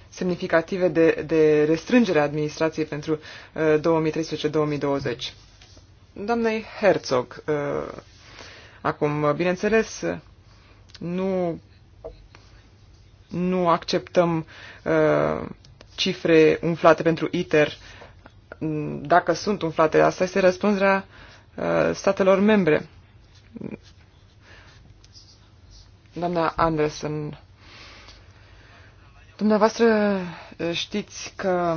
semnificative de, de restrângere a administrației pentru 2013-2020. Uh, Doamnei Herzog, acum, bineînțeles, nu nu acceptăm uh, cifre umflate pentru ITER. Dacă sunt umflate, asta este răspunderea uh, statelor membre. Doamna Anderson, dumneavoastră uh, știți că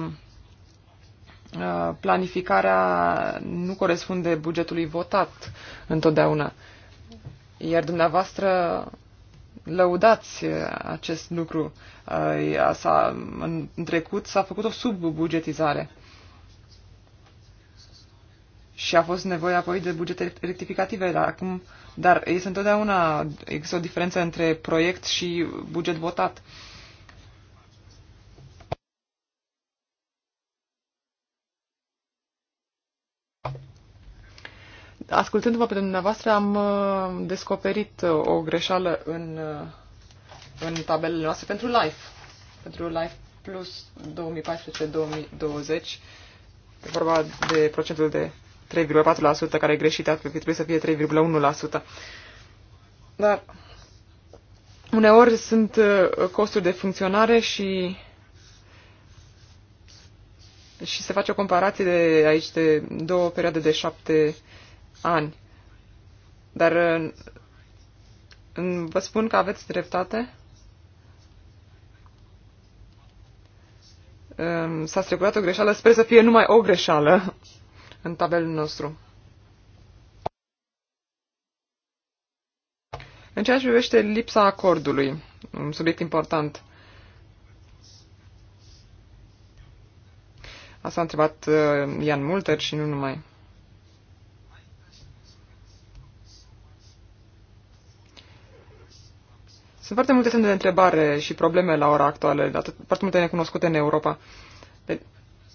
uh, planificarea nu corespunde bugetului votat întotdeauna. Iar dumneavoastră lăudați uh, acest lucru. Uh, s-a, în trecut s-a făcut o subbugetizare și a fost nevoie apoi de bugete rectificative, dar acum, dar este întotdeauna, există o diferență între proiect și buget votat. ascultându-vă pe dumneavoastră, am uh, descoperit uh, o greșeală în, uh, în tabelele noastre pentru Life. Pentru Life Plus 2014-2020, e vorba de procentul de 3,4% care e greșit, ar trebui trebuit să fie 3,1%. Dar uneori sunt costuri de funcționare și și se face o comparație de aici de două perioade de șapte ani. Dar în, vă spun că aveți dreptate. S-a strecurat o greșeală. Sper să fie numai o greșeală în tabelul nostru. În ceea ce privește lipsa acordului, un subiect important, asta a întrebat uh, Ian Multer și nu numai. Sunt foarte multe semne de întrebare și probleme la ora actuală, atât, foarte multe necunoscute în Europa.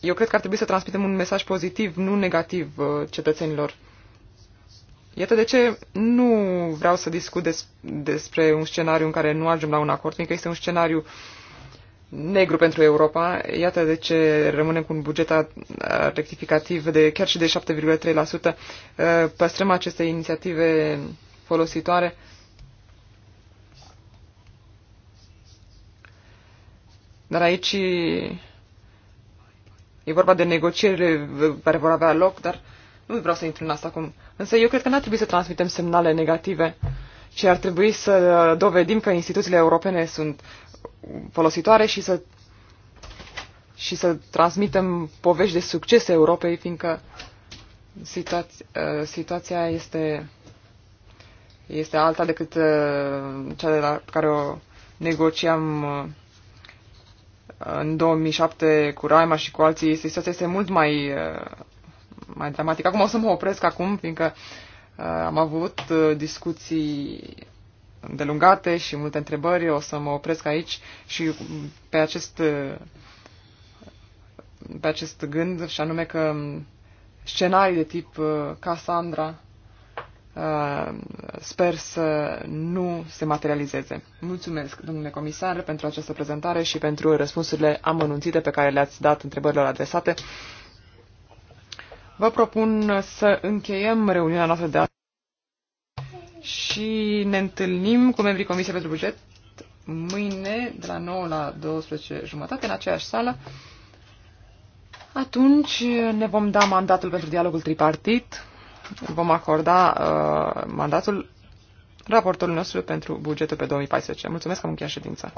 eu cred că ar trebui să transmitem un mesaj pozitiv, nu negativ, uh, cetățenilor. Iată de ce nu vreau să discut des, despre un scenariu în care nu ajungem la un acord, fiindcă este un scenariu negru pentru Europa. Iată de ce rămânem cu un buget rectificativ de chiar și de 7,3%. Uh, păstrăm aceste inițiative folositoare Dar aici e vorba de negocierile care vor avea loc, dar nu vreau să intru în asta acum. Însă eu cred că n-ar trebui să transmitem semnale negative, ci ar trebui să dovedim că instituțiile europene sunt folositoare și să, și să transmitem povești de succes Europei, fiindcă situația, uh, situația este, este alta decât uh, cea de la care o negociam uh, în 2007 cu Raima și cu alții, situația este mult mai, uh, mai dramatică. Acum o să mă opresc acum, fiindcă uh, am avut uh, discuții îndelungate și multe întrebări. O să mă opresc aici și pe acest, pe acest gând, și anume că scenarii de tip Cassandra Uh, sper să nu se materializeze. Mulțumesc, domnule comisar, pentru această prezentare și pentru răspunsurile amănunțite pe care le-ați dat întrebărilor adresate. Vă propun să încheiem reuniunea noastră de astăzi și ne întâlnim cu membrii Comisiei pentru Buget mâine de la 9 la 12 jumătate în aceeași sală. Atunci ne vom da mandatul pentru dialogul tripartit vom acorda uh, mandatul raportorului nostru pentru bugetul pe 2014. Mulțumesc că am încheiat ședința.